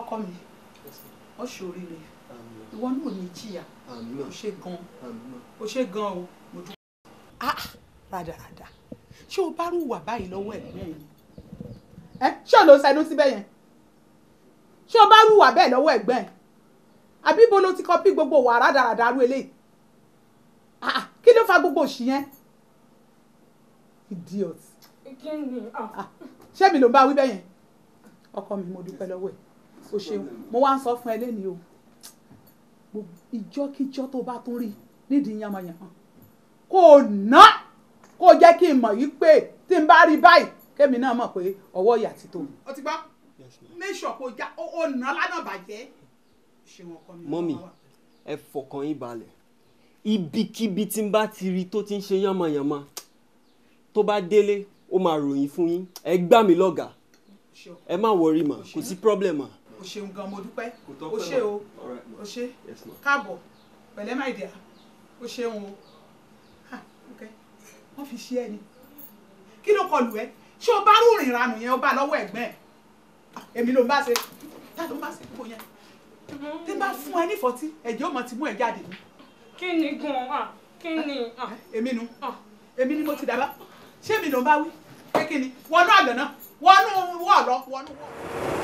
ọkọ mi ó ṣoríire ìwọ náà ní jìyà ó ṣe gan ó ṣe gan o mo dúpẹ́. ah rádaràda ṣé o bá rú ìwà báyìí lọ́wọ́ ẹ̀ bẹ́ẹ̀ ni ẹ ṣé ò ló ń ṣẹnu síbẹ̀ yẹn ṣé o bá rú ìwà bẹ́ẹ̀ lọ́wọ́ ẹ̀gbẹ́ ẹ̀ àbí bo ló ti kọ bí gbogbo wà rádaràda rú eléyìí ah kí ló fa gbogbo òṣì yẹn idiot ah. Ah, ṣé mi ló ń bá wí bẹ́ẹ̀ yẹn ọkọ mi mo dúpẹ́ lọ́wọ́ ẹ̀ o ṣeun mo wá ń sọ fún ẹ lẹ́nìí o ìjọ́kíjọ́ tó bá tún rí nídìí yamayama kò ná kó jẹ́ kí n mọ̀ yìí pé tí n bá rí báyìí kémi náà mọ̀ pé ọwọ́ ìyà ti tó. o gbọ́ mẹ́sọ̀ kò já o nà lánàá bàjẹ́. mọ́mì ẹ fọkàn yín balẹ̀ ibikíbi tí n bá ti rí tó ti ń ṣe yamayama tó bá délé ó máa ròyìn fún yín ẹ gbà mí lọ́gàá ẹ má wọrí mà kò sí problem ṣeun gan mo dúpẹ́ o ṣe o o ṣe káàbọ̀ pẹ̀lẹ́ my dear o ṣeun o wọ́n fi ṣe ẹ ni kí ló kọlù ẹ ṣé o bá rúrin ìranù yẹn o bá lọ́wọ́ ẹ̀gbọ́n ẹ̀ èmi ló ń bá ṣe tá ló ń bá ṣe kó yẹn tí n bá fún ẹ ní fọtí ẹ̀jẹ̀ ò mọ̀ ti mú ẹ jáde ni. kí ni gan-an kí ni. Eh, èmi nu èmi ni mo ti dábàá ṣé èmi ló ń bá wí pé kí ni wọnú àgbẹ̀ náà wọnú wọ́ọ̀lọ́ wọnú wọ́ọ̀lọ́.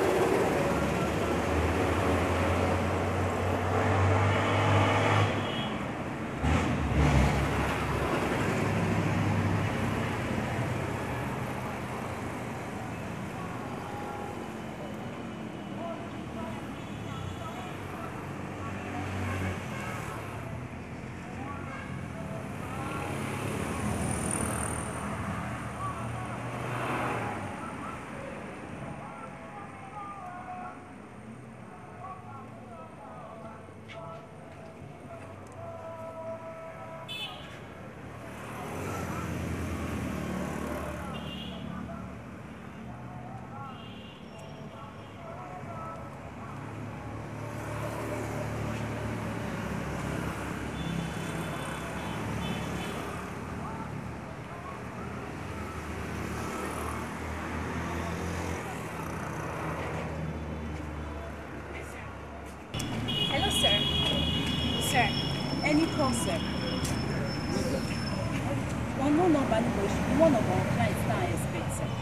any concept. One more number, but one of our clients that I expect.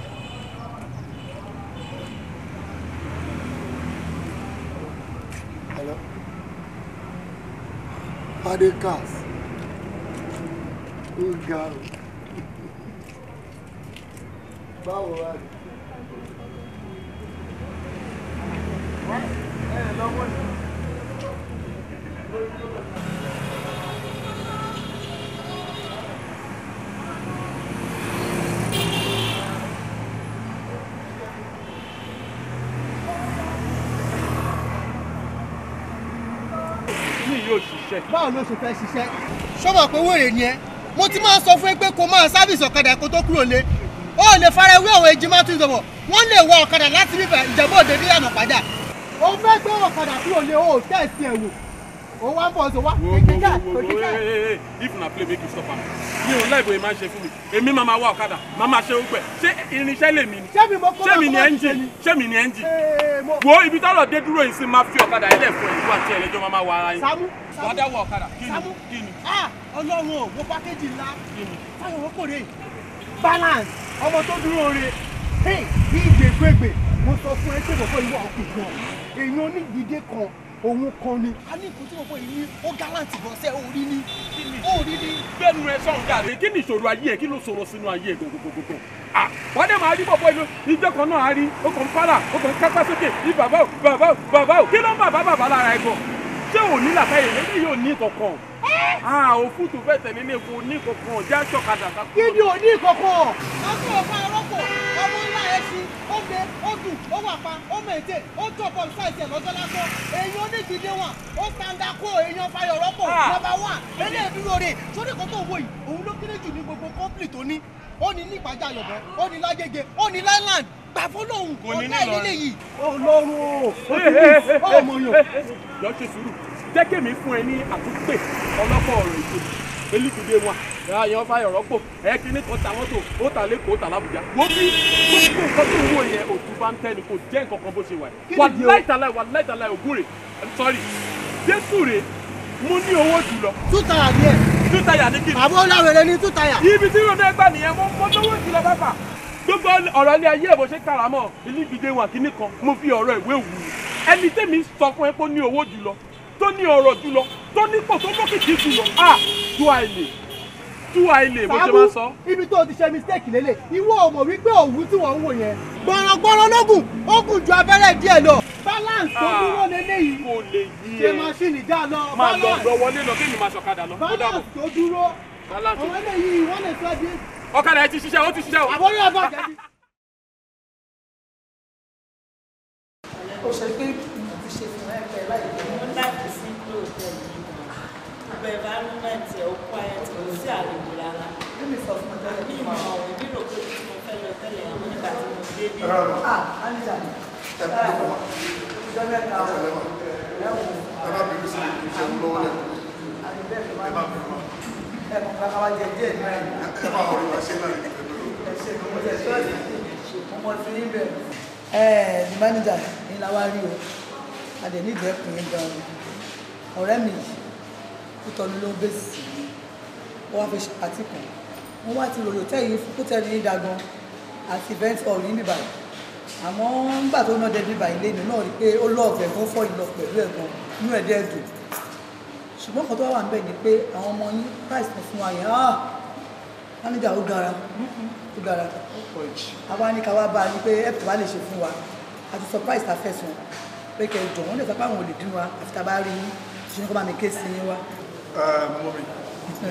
Hello? Adekas. Ugaro. Báwo wá rí? Ẹ lọ́wọ́ ni. ṣiṣẹ́. báwo ló ṣe fẹ́ ṣiṣẹ́. ṣọ́mọ̀ pé wèrè ni ẹ mo ti máa sọ fún ẹ pé kó máa sábìsì ọ̀kadà kó tó kúrò lé ó lè fara ewé òwe jí máa tún ìdọ̀bọ̀ wọ́n lè wọ ọ̀kadà láti rí ìjẹ̀bú òde ní padà. òun fẹ́ gbé ọ̀kadà kúrò lé o ò ẹ̀ wò òun wá ń bọ̀ ọ̀sẹ̀ wá kìkìkà kìkìkà. if na play make you stop am mi ò láìbò èèmà ṣe fún mi èmi máa ma wá ọ̀kadà máa ma ṣe ogbẹ ṣé irinṣẹ́ lè mi ni ṣé mi ni ẹ́ńjì ṣé mi ni ẹ́ńjì wo ibi tọ́lọ̀ dé dúró yìí sí máa fi ọ̀kadà ẹ̀lẹ́ fún ẹ̀yìn wá tí ẹ̀lẹ́jọ́ máa ma wá ara yín. Sàámú wàá dá wọ ọ̀kadà kí ni kí ni. Ah, ọlọ́run ò wo pákéjì ńlá táyọ̀ wọ́n kò rè balance ọmọ tó dúró re bí ìgbègbègbè mo sọ fún ẹ òun kan ni. a ní ìkú tí mo fọ yìí ní ó gallant gan sẹ́ orí ni orí ni. bẹ́ẹ̀nu ẹ sọ̀rọ̀ dàbí kí ni ìṣòro ayé ẹ kí ló sọ̀rọ̀ sínú ayé ẹ gògògògò. à wọ́n dẹ̀ máa rí bọ̀bọ̀ ìlú ìjọ kan náà a rí ó kàn ń pálá ó kàn ń kápá sókè ní bàbá ò bàbá ò bàbá ò kí ló ń bàbá bàbá lára ẹ gan. ṣé òní làtàyè lé Ah, òfú tó fẹ́ tẹ̀lé ní epo ní kankan ọ̀já ṣọ̀kadà ká kúrò. kíni ò ní kankan. ọkọ ọba arọpọ ọmọ ńlá ẹṣin ó gbé ó dùn ó wà pa ó mète ó tó ọkọ ṣáìsì ẹ lọ́jọ́ lásán èèyàn onídìílé wọn ó tanda kó èèyàn fayọ rọpò ah. nọ́mbà wà eléyìí dúró rè sórí kan tó wò yìí òun ló kéré jù ní gbogbo kọ́ńpìlì tó ní ó ní ní ìpàjá yọ̀bọ̀ ó ní lágége ó ní láìland gbà fọlọ́hún ọ̀la ìlélẹ́yìí. ọlọ́run ò ó ti rí ọmọ yàn. lọ́ọ́ ṣe sùúrù jẹ́ kèmí fún ẹ ní àtúntè ọlọ́pọ̀ ọ̀rọ̀ ètò elikude wọn àyàn fáyọ̀ rọ́pò ẹ kíní kan ta mọ́tò ó ta lẹ́kọ̀ọ́ ta làbújá wo bí gbogbo nǹkan tó ń wò yẹn òtún bá ń tẹnu kò jẹ́ nǹkan kan bó ṣe wà yìí wà láìtàláì wà láìtàláì ògùn rè i'm sorry jésù rè mo ní owó jùlọ. túta àdí ẹ. túta yà ní kí ni. àbó láwèrè ní túta yà. ibi tí ròdó ẹgbà nìyẹn mo mo lówó jùlọ bàbà gbogbo ọ̀rọ̀ ilé ayé ìbò ṣe kàràmọ́ elikude wọn kíní kan mo fi ọ̀rọ̀ ìwé wù ẹni tẹ́mi sọ fún ẹ pé ó ní owó jùlọ tó ní ọ̀rọ̀ jùlọ tó nípò tó lókìkí jùlọ à tú àìlè tú àìlè bó ṣe máa sọ. ibi tó o ti ṣe mistake lélẹ̀ ìwọ ò wípé òwú tí wọ́n ń wò yẹn. gbọ̀rọ̀gbọ̀rọ̀ lógùn ó gùn ju abẹ́rẹ́ díẹ̀ lọ. balance tó dúró lélẹ́yìí kò lè yí ẹ ṣe maṣíìnì dá lọ. máa lọ lọ balance tó dúró àwọn eléyìí wọ́n lè sọ di. ọ̀kadà ẹ ti ṣiṣẹ́ ó ti ṣiṣẹ́ o. àbọ̀rẹ́ ọba jẹ́ jẹ díẹ̀ náà yìí. ẹ máa wọlé wá ṣe náà ní ìpínlẹ̀ Ògùn. ẹ ṣe ìgbìmọ̀ tẹ̀ sọ́ọ̀dì ọmọ tí ń bẹ̀. ẹ ẹ ní mánìjà ní làwa rí o a dẹ̀ ní ìdẹ́kùn yín gan ọ̀rẹ́ mi kú tọ́nu ló ń bẹ̀ sí i ó wá fi pàtí kan wọ́n wá ti ròyò tẹ́yìn fún kó tẹ́lẹ̀ yín dagan àti event hall yín níbàyìí àmọ́ nígbà tó ná dẹ́bí bàyìí lẹ́nu náà rí pé ó lọ́ọ̀fẹ́ fún fọ́ ìlọ pẹ̀lú ẹ̀gbọ́n inú ẹ̀dẹ́ẹ̀dùn ṣùgbọ́n kan tó wà níbẹ̀ ni pé àwọn ọmọ yín price kan fún wa yẹn ah manager ó gara ó gara àwa ní ká bá a ní pé ẹ̀ tó bá lè ṣe fún wa àti surprise ta fẹ́ sùn pé kẹ́ ẹ jọ̀ wọ́n lè sọ pé àwọn ò dín wa àfi tá a bá rí yín ṣe ní kó bá mi ké sí yín wá. mọ mi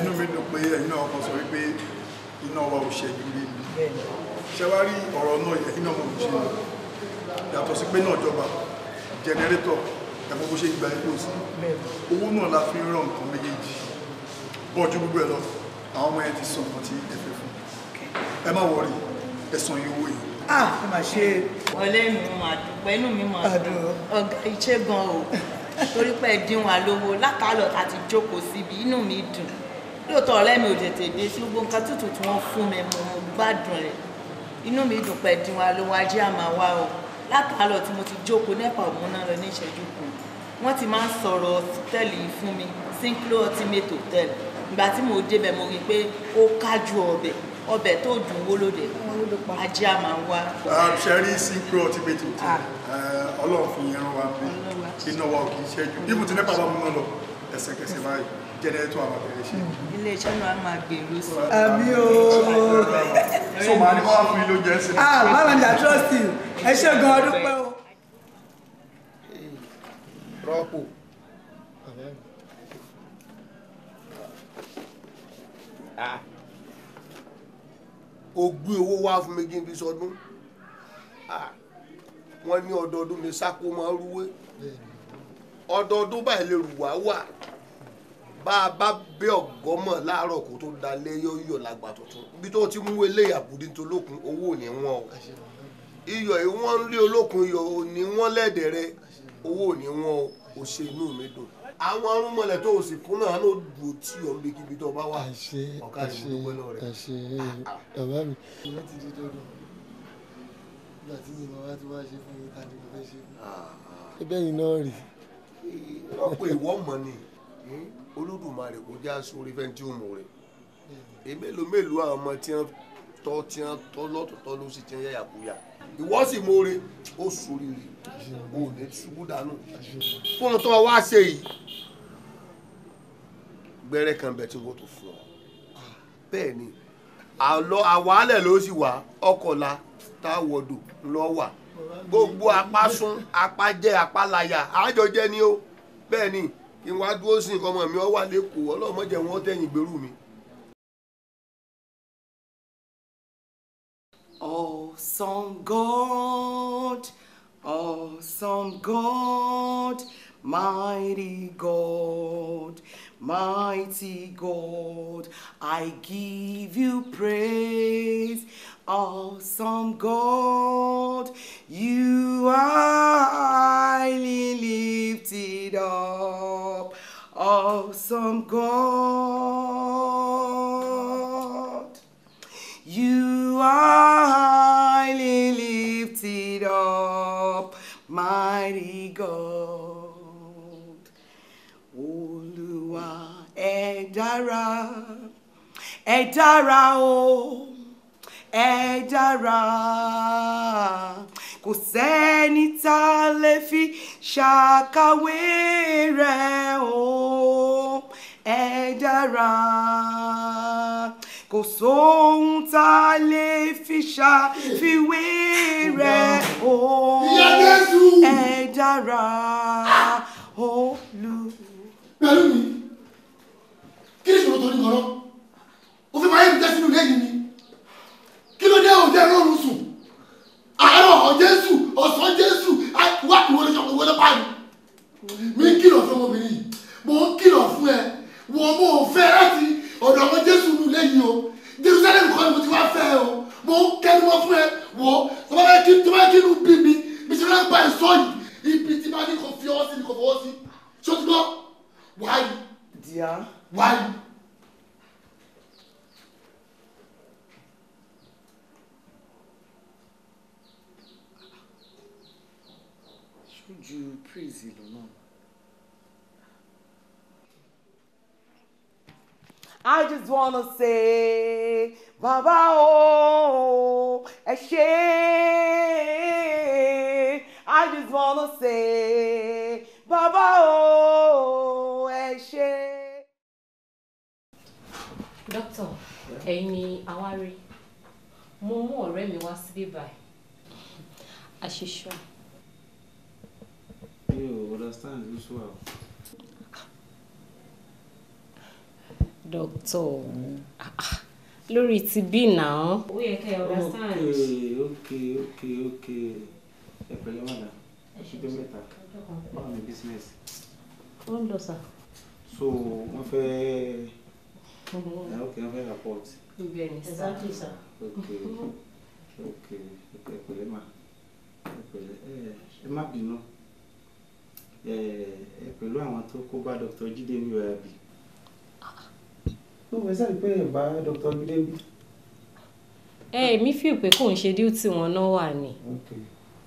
inú mi dùn pé ẹ̀yin náà kan sọ wípé iná wa ò ṣẹ́jú rí mi ṣé wá rí ọ̀rọ̀ náà yẹ iná mo ò ṣe yàtọ̀ sí pé náà jọba jẹnẹrétọ̀ ẹ̀mọ́ bó ṣe gba epo sí owó náà la fi ń ràn nǹkan méjèèjì bọ́ ju gbogbo ẹ̀ lọ àwọn ọmọ yẹn ti sọ nǹkan tí ẹ fẹ́ fún ẹ má wọrí ẹ san iye owó yìí. a ẹ máa ṣe. ọ̀lẹ́ mi máa dúpẹ́ inú mi máa dùn ọ̀gá iṣẹ́ gan o torí pé dín wa lówó látàlọ́ àti jókòó síbi inú mi dùn lóòótọ́ ọ̀rẹ́ mi ò tètè dé ṣùgbọ́n nǹkan tútù tí wọ́n fún mi mo gbádùn rẹ̀ inú mi dùn pé dín wa lówó ajé àmà o látàlọ́ tí mo ti jókòó nípa òmùná lọ ní ìṣẹ́jú kan wọ́n ti máa ń sọ̀rọ̀ hòtẹ́ẹ̀lì fún mi Sinclair Ultimate Hotel ìgbà tí mo débẹ̀ mo rí i pé ó kájú ọbẹ̀ ọbẹ̀ tó dùn wó lóde ajé a máa wá. Um, ṣe rí Sinclair Ultimate Hotel ah. uh, ọlọ́run fún yẹn rán wa bí iná wa ò kì í ṣẹ́jú ibùdó tí nípa bá mú náà lọ ẹsẹ̀kẹsẹ̀ báyìí jẹ́nẹ́tò àbàbẹ̀rẹ̀ ṣe. ilé iṣẹ́ náà máa gbèrú sí. àmì ooo. so màá ní wọ́n á fún ilé oúnjẹ sí. ah báwo ni i trust you ẹ ṣe gan ọdún pẹ́ o rọ́pò. Ah. o gbé owó wá fún mi gíbi sọdún ah. wọ́n ní ọdọọdún ni sáko máa ń rúwé ọdọọdún báyìí lè rù wá wà bá a bá bẹ ọgọmọ láàárọ̀ kó tó dalẹ yọyọ làgbà tuntun ibi tó ti mú eléyà bùdí tó lókun owó ò ní wọn o iyọ̀ ìwọ́n lé olókun iyọ̀ ò ní wọ́n lẹ́dẹ̀ẹ́rẹ́ owó ò ní wọn o o ṣe inú mi dùn àwọn arúmọlẹ̀ tó o sì kún náà ló dùn tí o ń bí kíbi tó o bá wà ọ̀ká rẹ̀ mo dúpẹ́ lọ́wọ́ rẹ̀. ẹ ṣe ah, ah. bàbá mi. ìwé ti di dandan nígbà tí mi bàbá ti wá ṣe fún mi ta ni mo fẹ́ ṣe. Ah, ẹ̀bẹ̀ yìí náà rì. ọ̀pọ̀ ìwọ mọ̀ ni hmm? olódùmarè kò já sórí fẹ́ tí ó mọ̀ rẹ̀ ìwọ sì mọre ó sóríire ò ní ṣubú dànù fún ọtọ wá ṣe yìí gbẹrẹ kan bẹ tí wọn tó fún ọ bẹ́ẹ̀ ni àwálẹ̀ ló sì wà ọkọ̀la táwọ̀dù lọ wà gbogbo apá sún apá jẹ apá láyà àjọ jẹ ni ó bẹ́ẹ̀ ni kí n wá dúró sí nǹkan ọmọ mi ọ wà lẹ́kọ̀ọ́ ọlọ́mọdé wọn tẹ̀yìn gbèrú mi. Awesome God, awesome God, mighty God, mighty God, I give you praise. Awesome God, you are highly lifted up. Awesome God. You are highly lifted up, mighty God. Olúwa, edara, edara ẹ edara. o, ẹ dára. Kò sẹ́ni tá a lè fi ṣàkàwé rẹ̀ o, ẹ dára. kò sóhun tá a lè fi ṣàfiwé rẹ̀ o ẹ dára olú. pẹ̀lú mi kí ni ìṣòro tó ní kọ́rọ́ òfin máa ń jẹ́ sínú lẹ́yìn mi kí ló dé òde rọrùn sùn àárọ̀ jésù ọ̀sán jésù wá ìwọlé ṣọ̀kọ̀ ìwọlé báyìí mi ń kìlọ̀ fún ọmọbìnrin yìí mo ń kìlọ̀ fún ẹ wọ́n mo fẹ́ láti ọ̀dọ̀ ọmọ jésù lù lẹ́yìn o jerusalem kọ́ ni mo ti wá fẹ́ o mo ń kẹ́nu mọ́ fún ẹ wò ó kí tó kí inú bí mi bí ṣe máa ń pa ẹ̀sọ́ yìí ibi tí bá ní kò fi ọwọ́ sí ni kò fọwọ́ sí ṣòtúbọ̀ wáyé wáyé. ju praise ìlú náà. I just wanna say, Baba oh, ẹ I just wanna say, Baba oh, ẹ ṣé. Doctor, ẹ̀yin ni àwárí. Mo mú ọ̀rẹ́ mi wá síbí báyìí. Àṣìṣọ́. Mi ò understand this well. dókítà ọ̀hún lórí ti bí náà. ó yẹ kẹ́ ẹ understand. ok ok ok ok ẹ pẹ̀lẹ́ mọ̀nà ṣùgbọ́n mẹ́ta báwo ni business. ó ń lọ sà. so wọ́n fẹ́ ẹ ok wọ́n fẹ́ report. bẹ́ẹ̀ni sà exactly sà. ok ok ẹ pẹ̀lẹ́ mà ẹ pẹ̀lẹ́ ẹ má bínú ẹ pẹ̀lú àwọn tó kó bá Dr. Jídé mi ò yà bí ló fẹ́ sáré pé ẹ̀ dr gidegbe. ẹ èmi fi pé kò ń ṣe díùtì wọn náà wà ní. ok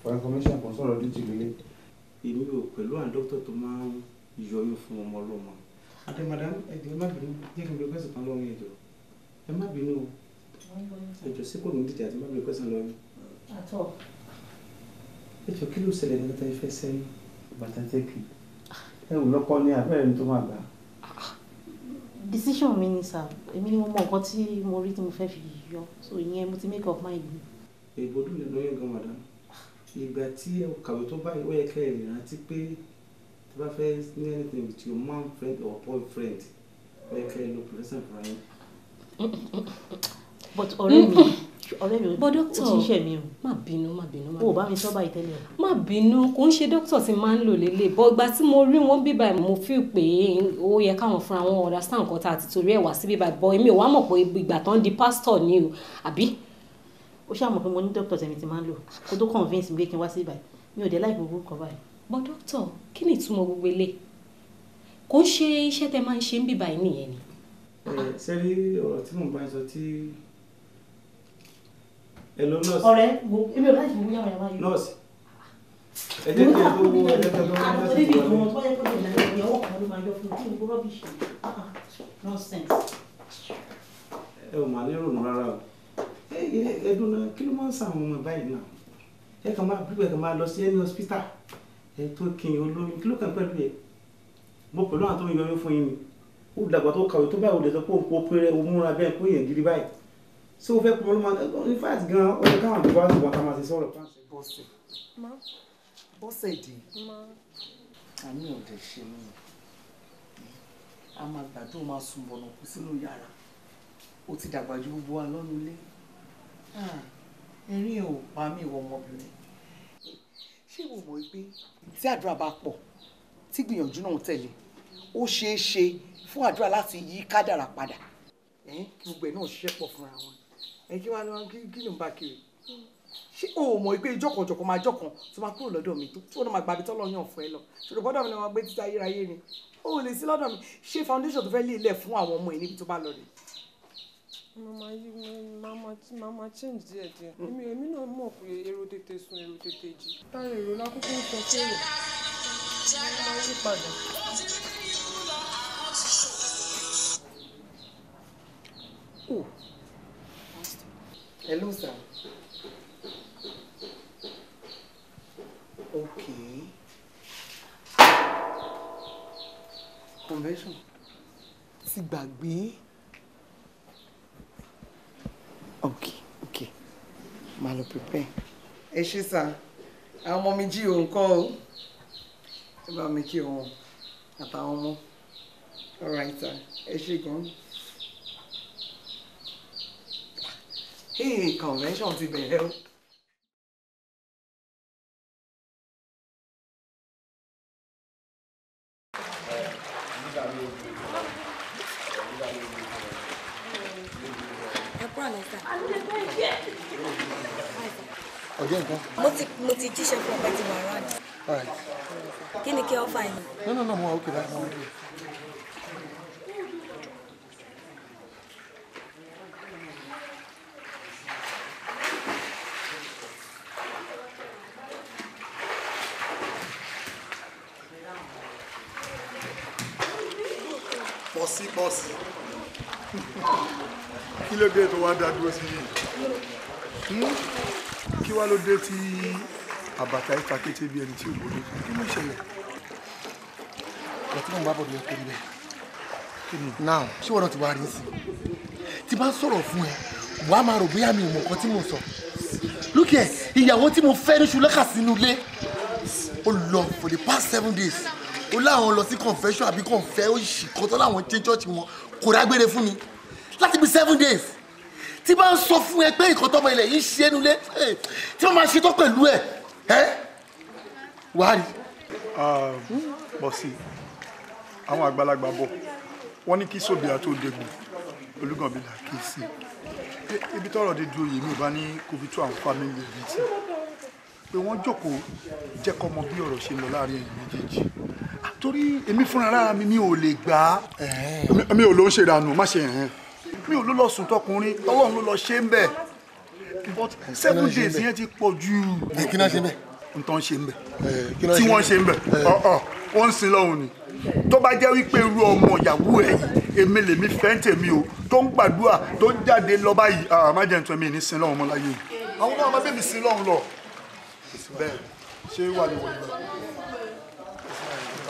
for information kan sọ̀rọ̀ díùtì lélẹ̀. èmi ò pẹ̀lú àwọn dókítà tó máa ń yọyún fún ọmọ ọlọ́mọ. àti madam ẹ̀jọ̀ ẹ má bínú jẹ́ kí n bẹ̀rẹ̀ kẹ́sàn-án lọ́rùn ẹ̀jọ̀ ẹ má bínú ẹ̀jọ̀ sí kò ní dìjà àti má bẹ̀rẹ̀ kẹ́sàn-án lọ́rùn. àtọ̀. ẹ̀jọ̀ kí ló ṣẹlẹ̀ nígbà tá a fẹ́ sẹ́yìn bàtà tẹ́kì ẹ̀ wò lọ́kọ́ ní abẹ́rẹ́ tó máa gbà decision mi ni sir èmi ni mo mọ nǹkan tí mo rí tí mo fẹ́ fi yọ so ìyẹn mo ti make up mind mi. èèbò dùn lẹ́nu yẹn gan madam ìgbà tí ẹ kàwé tó báyìí ó yẹ kẹ́ ẹ rántí pé tí bá fẹ́ ní anything with your man friend or boy friend ó yẹ kẹ́ ẹ lo professor fúnra but ọ̀rẹ́ mi mm. ọ̀rẹ́ mi bọ́ dókítà ó ti ṣe mi o. má bínú má bínú má bínú. o bá mi sọ báyìí tẹ́lẹ̀. má bínú kò ń ṣe dókítà tí máa ń lò lélẹ̀ bọ́ ìgbà tí mo rí wọn bíbá mo fi pé ó yẹ káwọn fúnra wọn understand nǹkan tá a ti torí ẹ̀ wá sí bíbá ẹ̀ bọ́ èmi ò wá mọ̀ pé ìgbà tán di pásítọ̀ ni o àbí. ó ṣàmọ̀ pé mo ní dókítà tẹ̀mí ti máa ń lò kó tó convince mi pé kí n wá sí ibà mi ò dé láì gbogbo nǹkan báyìí. bọ́ dókítà kí ni ìtumọ̀ gbogbo ilé kò ń ṣe iṣẹ́ tẹ máa ń ni. ẹ ṣe rí ọ̀rọ̀ tí mò ń bá Hello nurse. ọ̀rẹ́ wo ebi ọ̀rẹ́ láti gbogbo yàwọn yàwọn yìí. nurse ẹ jẹ́ kí ẹ tó wọ ẹ jẹ́ kí ẹ tó wọ ẹ jẹ́ kí ẹ tó wọ. àtọ́lẹ́bí gan-an tó yẹ kó lè lọ ìyàwó kan ló máa yọ fún un kí n kó rọ́bìṣì ah, ah. nonsense. ẹ ò máa nírònú rárá o ẹdùn náà kí ló máa ń sàwọn ọmọ báyìí náà ẹ kàn máa bí kàn máa lọ sí ẹni hospital ẹ tó kin olóyún kí ló kàn pẹ̀lú ẹ mo pẹ̀lú àwọn tó ń yọyún fún yín ni ó dàgbà tó kàwé tó báyìí ó lè sọ pé òun kò péré òun múra bẹ́ẹ̀ kó yẹn gidi báyìí ṣé o fẹ́ pọn ló máa in fact gan ọ yẹ káwọn àdúgbò àti wàtá máa ṣe sọ̀rọ̀ pàṣẹ. bọ́sẹ̀ bọ́sẹ̀ dì í àmì ọ̀dẹ̀ ṣe mí a máa gbàdúrà máa sùn bọ̀nà kú sínú yàrá ó ti dàgbà ju gbogbo wa lọ́nu ilé ẹ̀rín ò pa mí ìwọ ọmọbìnrin ṣé mo mọ̀ pé tí àdúrà o pọ̀ tí gbìyànjú náà tẹ̀lé ó ṣeé ṣe fún àdúrà láti yí kádàrà padà gbogbo ẹ̀ náà ṣiṣẹ́ pọ̀ fúnra wọn ẹ kí wọn kí ló ń bá kiri ṣé o mọ̀ pé ìjọkànjọkàn máa jọkàn tó máa kúrò lọ́dọ̀ mi tó máa gbàbí tọ́lọ́ yàn fún ẹ lọ ṣòro bọ́dọ̀ mi ni wọ́n gbé títa ayérayé ni o ò lè sí lọ́dọ̀ mi ṣé foundation tó fẹ́ lé ilẹ̀ fún àwọn ọmọ ẹ níbi tó bá lọ rè. mama yi mama mama change díẹ̀ díẹ̀ èmi èmi náà mọ̀ pé èrò tètè sùn èrò tètè jí táyà èrò lákòókò ń sọ fẹ́rẹ̀ máa yí padà. Oh. Hello, sir. Okay. Convention. Ti B Okay, okay. malo lọ prepare. Ẹ ṣé sá, àwọn ọmọ mi jí òun kọ́ o. Ẹ bá mi kí òun àtàwọn ọmọ. All right, sir. Ẹ ṣé gan hey convention ti bẹ̀rẹ̀ o. ọjọ́ nǹkan. mo ti mo ti jíṣẹ́ fún ọ̀pẹ tí mo rán ni. kí ni kí ọ fà yín. no no no mo wà ókè báyìí mo bọ́ọ̀sì kí ló dé tó wá dá dúró sí yìí hmm? kí wá ló dé tí àbàtà ìta kété bí ẹni tí ò gbóni kí ló ṣẹlẹ̀. ọ̀rọ̀ tí bá bọ̀ ló yẹ kó rí bẹ́ẹ̀ now ṣé wọ́n ti wá rí sí i tí bá ń sọ̀rọ̀ fún ẹ wàá máa rò bóyá mi ò mọ̀ nǹkan tí mo sọ lókè ìyàwó tí mo fẹ́ ní ṣùlẹ́kà sínú ilé ó lọ for the past seven days ó láwọn lọ sí confession àbí confẹ́ oṣù kan tó láwọn ṣe church wọn kò dágbére fún mi láti bí seven days tí bá ń sọ fún ẹ pé nǹkan tọmọ ilẹ̀ yìí ṣe é nulẹ̀ tí wọ́n máa ṣe tán pẹ̀lú ẹ̀ ẹ́ wàá rí. Ah, bọ́ sí àwọn àgbàlagbà bọ̀ wọ́n ní kí sóbì àti òdegun olùgànbìlà kì í sí ibi tọ́rọ̀ dé dúró yìí mi ò bá ní covid two and family rẹ̀ létí pé wọ́n jókòó jẹ́kọ́ mọ bí ọ̀rọ̀ ṣe lọ láàrin ẹ̀yìn méjèèjì torí èmi fúnra mi mi ò lè gbà á. mi ò ló ń ṣe ìranù má ṣe hàn. mi ò ló lọ sùn tọkùnrin ọlọ́run ló lọ ṣe ń bẹ̀ seven days yẹn ti pọ̀ jù. Eh, kí náà ṣe ń bẹ̀. ntọ́ ń ṣe ń bẹ̀ tí wọ́n ṣe ń bẹ̀ eh, wọ́n ń sin lọ́hùn ni tó bá jẹ́ wípé irú ọmọ ìyàwó ẹ̀ yìí èmi lèmi fẹ́ ń tèmi o tó ń gbàdúrà tó ń jáde lọ báyìí àmájẹ̀ntàn ah, mi ní sin lọ́hùn mọ́ láyé àwọn náà máa bẹ̀ sin lọ́hùn lọ. bẹ́ẹ̀ ṣé wà ní wọ̀nyí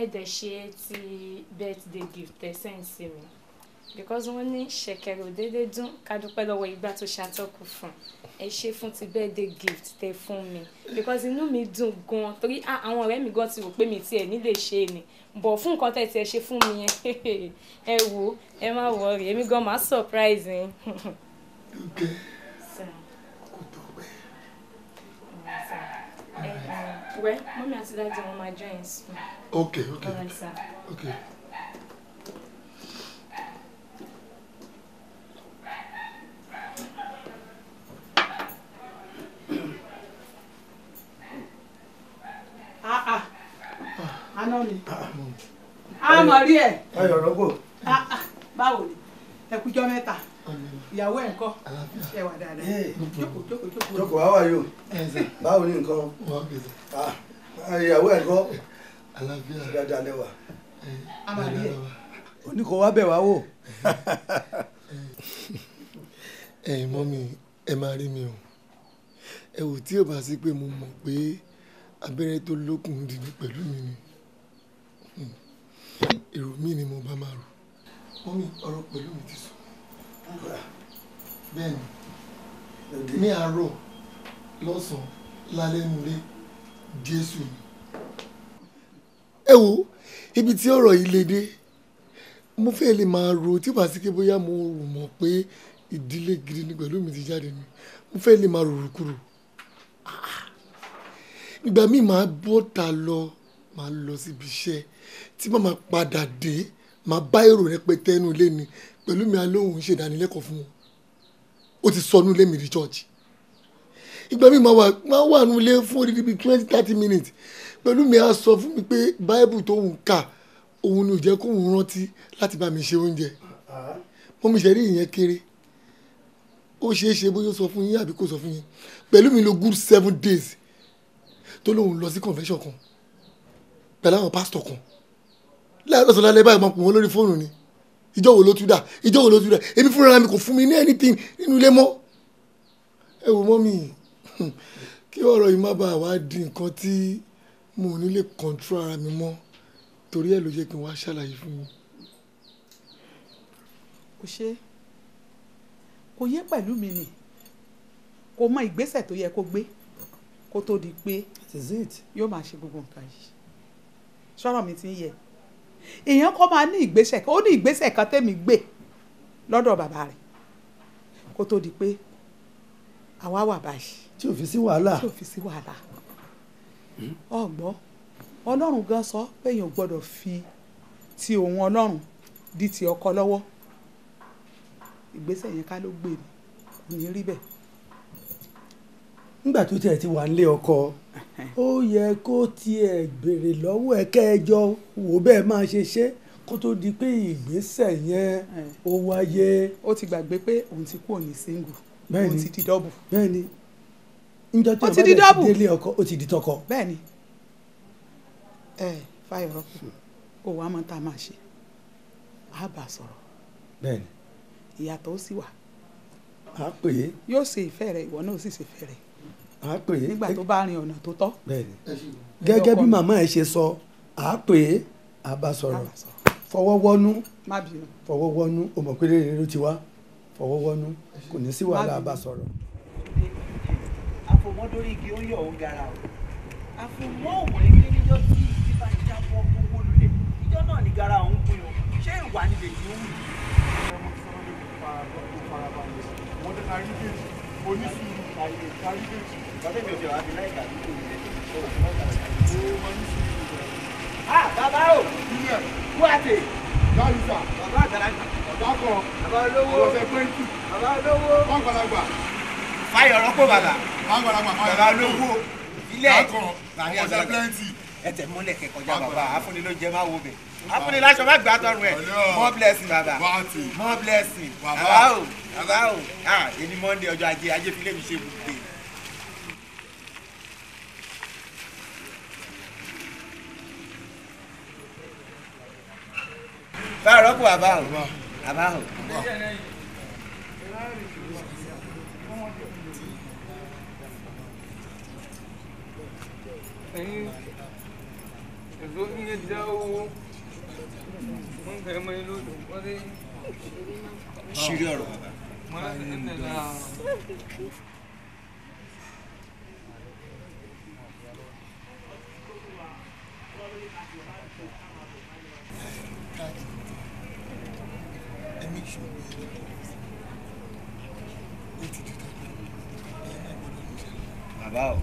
ẹ dẹ̀ ṣe ti birthday gift ẹ sẹ́yìn sí mi because wọ́n ní ṣẹ̀kẹ̀rẹ̀ ò déédéé dún ká dúpẹ́ lọ́wọ́ ìgbà tó ṣàtọ́kù fún ẹ ṣe fún ti birthday gift tẹ fún mi because inú mi dùn gan torí àwọn ọ̀rẹ́ mi gan ti rò pé mi tiẹ̀ nílé ṣe ni bọ̀ fún nǹkan tẹ̀ tiẹ̀ ṣe fún mi yẹn ẹ wò ẹ má wọrí èmi gan máa surprise yín. wẹ́ mọ́mí àti dájú wọn máa join sùn. ok ok All right, sir. ok. Ah, ah. Ah. àná ni àmọ̀ rí ẹ̀. ayọ̀ rọ́gbò. báwo ni ẹ kújọ mẹ́ta ìyàwó ẹ̀ ńkọ́ ẹ wà dáadáa eh, jókòó jókòó jókòó. jókòó how are you eh, báwo ni nǹkan. Ah, ìyàwó ẹ̀ kọ́ dáadáa lẹ́wà oníkó wá bẹ̀ wá wò. ẹ̀yin mọ́ mi ẹ máa rí mi o ẹ wò tí ò bá sí pé mo mọ̀ pé abẹ́rẹ́ tó lókun dìbò pẹ̀lú mi ni hmm, èrò mi ni mo bá máa rò mọ́ mi ọ̀rọ̀ pẹ̀lú mi ti sùn bẹ́ẹ̀ ni ní àárọ̀ lọ́sàn-án lálẹ́ nulẹ̀. Jésù ni. ẹ wo ibi tí ọ̀rọ̀ yìí lè dé mo fẹ́ lè máa ro tí bá sí pé bóyá mo rò mọ̀ pé ìdílé gidi ni pẹ̀lú mi ti jáde ni mo fẹ́ lè máa rorò kúrò ìgbà míì máa bọ́ ta lọ máa lọ síbi iṣẹ́ tí màá padà dé máa bá èrò rẹpẹtẹ inú ilé mi pẹ̀lú mi alóhùn ṣèdánilẹ́kọ̀ọ́ fún wọn ó ti sọ inú ilé mi di chọ́ọ̀chì ìgbà mi máa wà nínú ilé fún odidi bíi twenty thirty minutes pẹ̀lú mi á sọ fún mi pé báíbù tó ń kà òun ni ò jẹ́ kóun rántí láti bá mi ṣe oúnjẹ mo mi ṣe rí ìyẹn kéré ó ṣeé ṣe bóyá ó sọ fún yín àbí kò sọ fún yín pẹ̀lú mi lo good seven days tó lóun lọ sí convention kan pẹ̀lú àwọn pásítọ̀ kan láàárọ̀ sọ lálẹ́ báyìí máa pè wọ́n lórí fóònù ni ìjọ wo ló tún dà ìjọ wo ló tún dà èmi fúnra mi kò fún mi ní anything nínú ilé mọ́ ẹ wò mọ́ mi kí ọ̀rọ̀ yìí má bàa wá di nǹkan tí mo ní lè kọ́ńtró ara mi mọ́ torí ẹ̀ ló jẹ́ kí n wá ṣàlàyé fún mi. kò ṣe kò yé pẹ̀lú mi nì kò mọ ìgbésẹ̀ tó yẹ kó gbé kó tó di pé yóò máa ṣe gbogbo nǹkan yìí sọ̀rọ̀ mi ti ń yẹ èèyàn kọ́ máa ní ìgbésẹ̀ ó ní ìgbésẹ̀ kan tẹ́mi gbé lọ́dọ̀ bàbá rẹ̀ kó tó di pé àwa wà báyìí tí ò fi sí wàhálà. tí ò fi sí wàhálà. ọgbọ́n ọlọ́run gan sọ pé èèyàn gbọ́dọ̀ fi ti òun ọlọ́run di ti ọkọ lọ́wọ́ ìgbésẹ̀ yẹn ká ló gbé mi kò ní rí bẹ́ẹ̀. nígbà tó tiẹ̀ ti wà nílé ọkọ ó yẹ kó tiẹ̀ béèrè lọ́wọ́ ẹ kẹ́ẹ̀jọ wò bẹ́ẹ̀ máa ṣe ṣe kó tó di pé ìgbésẹ̀ yẹn ó wáyé. ó ti gbàgbé pé òun ti kú òní single òun ti di double. bẹ́ẹ̀ni njọ tí o bá dẹ̀ délé ọkọ o ti di tọkọ. bẹ́ẹ̀ni ẹ fáyọ rọpò kò wá mọ tá a máa ṣe a bá a sọ̀rọ̀. bẹ́ẹ̀ni. ìyàtọ̀ ó sì wà. a pè é. yóò ṣe ìfẹ́ rẹ ìwọ náà ó sì ṣe ìfẹ́ rẹ. a pè é. nígbà tó bá rin ọ̀nà tó tọ́. bẹ́ẹ̀ni gẹ́gẹ́ bí màmá ẹ ṣe sọ a pè é a bá sọ̀rọ̀ fọwọ́wọ́nú fọwọ́wọ́nú o mọ̀ pé lórí ló ti wá fọwọ́wọ́nú kò ní sí wàhálà a bá sọ̀rọ̀ àmọ́ lórí igi ó yọ̀ ó gara o àfihàn òwòrán pé níjọ́ tí igi bá jábọ́ gbogbo lulẹ̀ níjọ́ náà ní gara òun pin o ṣé ìwà nílẹ̀ tí ó wù. wọ́n ní àrídèjì oníṣùúrù àyè àrídèjì. bàbá mi ò jẹ́ àbí láì kàdé tó yẹ kó o máa ní sùúrù. a bàbá o kú àtẹ. dáríta bàbá àgbàlagbà. ọ̀gá kan bàbá olówó ọ̀sẹ̀ pẹ́ńtì. bàbá olówó. wọ́n gbàlagbà. fáyọ̀ rọ́pò bàbá àgbàlagbà má gbà tọrùn ẹ more blessing Baba. more blessing Baba. o bàbá o ah èmi monday ọjọ́ ajé ajé fi lè mi ṣe ibùdó. báyọ̀ rọ́pò bàbá o Wow.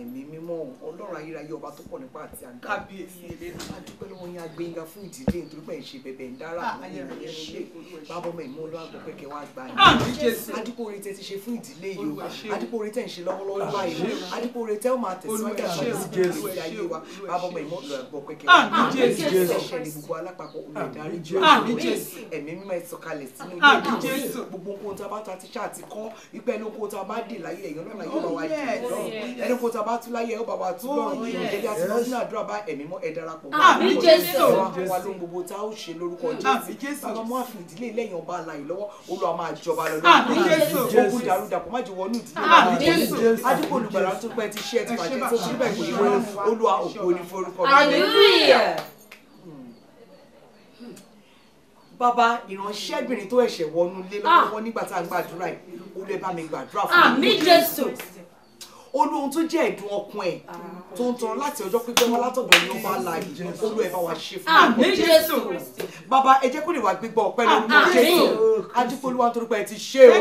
ẹ̀mí mímọ́ ọlọ́run ayérayé ọba tó pọ̀ nípa àti àgbà kábíyèsí ẹlẹ́nu adúpẹ́ lọ́wọ́ yín agbẹ́yìnga fún ìdílé nítorí pé ẹ̀ ṣe bẹ̀bẹ̀ ń dára àwọn ènìyàn ṣe bábọ́ mọ̀ ìmú olóhùn àgbọ̀ pẹ̀kẹ́ gbà yín adúpọ̀ ah, orin ti ṣe fún ìdílé yìí o adúpọ̀ orin ń ṣe lọ́wọ́lọ́wọ́ ah, báyìí adúpọ̀ orin ó máa tẹ̀síwájú àti ọ̀rọ̀ ah, oh, wa bá tú láyé ó bàbá tú lọ́rùn ẹ̀jẹ̀ oh, àti lọ́sùn àdúrà bá ẹ̀mí mọ́ ẹ̀ darapọ̀ mọ́ àmì jésù wa ló ń gbogbo tá ó ṣe lórúkọ jésù bàbá mú àfihàn ìdílé lẹ́yìn ọba aláì lọ́wọ́ olúwa máa jọba lọ lọ́wọ́ ogun dàrú má jẹ́ wọnú ìdílé adúgbò olùgbàlà tó pẹ́ ti ṣe ẹ̀ ti bàjẹ́ tó ṣe bẹ́ẹ̀ kò yẹ olúwa òkú oníforúkọ hmm. bàbá ìránṣẹ́bìnrin tó ẹ̀ṣẹ̀ wọnú lé lọ́wọ́ ah. nígbà tá à gbàdúrà yìí olú ẹ bá mi gbàdúrà fún mi. àmì jésù olú ohun tó jẹ́ ẹ̀dùn ọkàn ẹ̀ ah, tó ń tọrọ láti ọjọ́ pípẹ́ wọn látọ̀gbọ̀ ní ọba láàyè olú ẹ̀ bá wa ṣe fún un. àmín jésù. bàbá ẹ jẹ́ kó lè wá gbígbọ́ ọpẹ́ lórúkọ jésù adúpọ̀lúwa torí pé ẹ ti ṣe o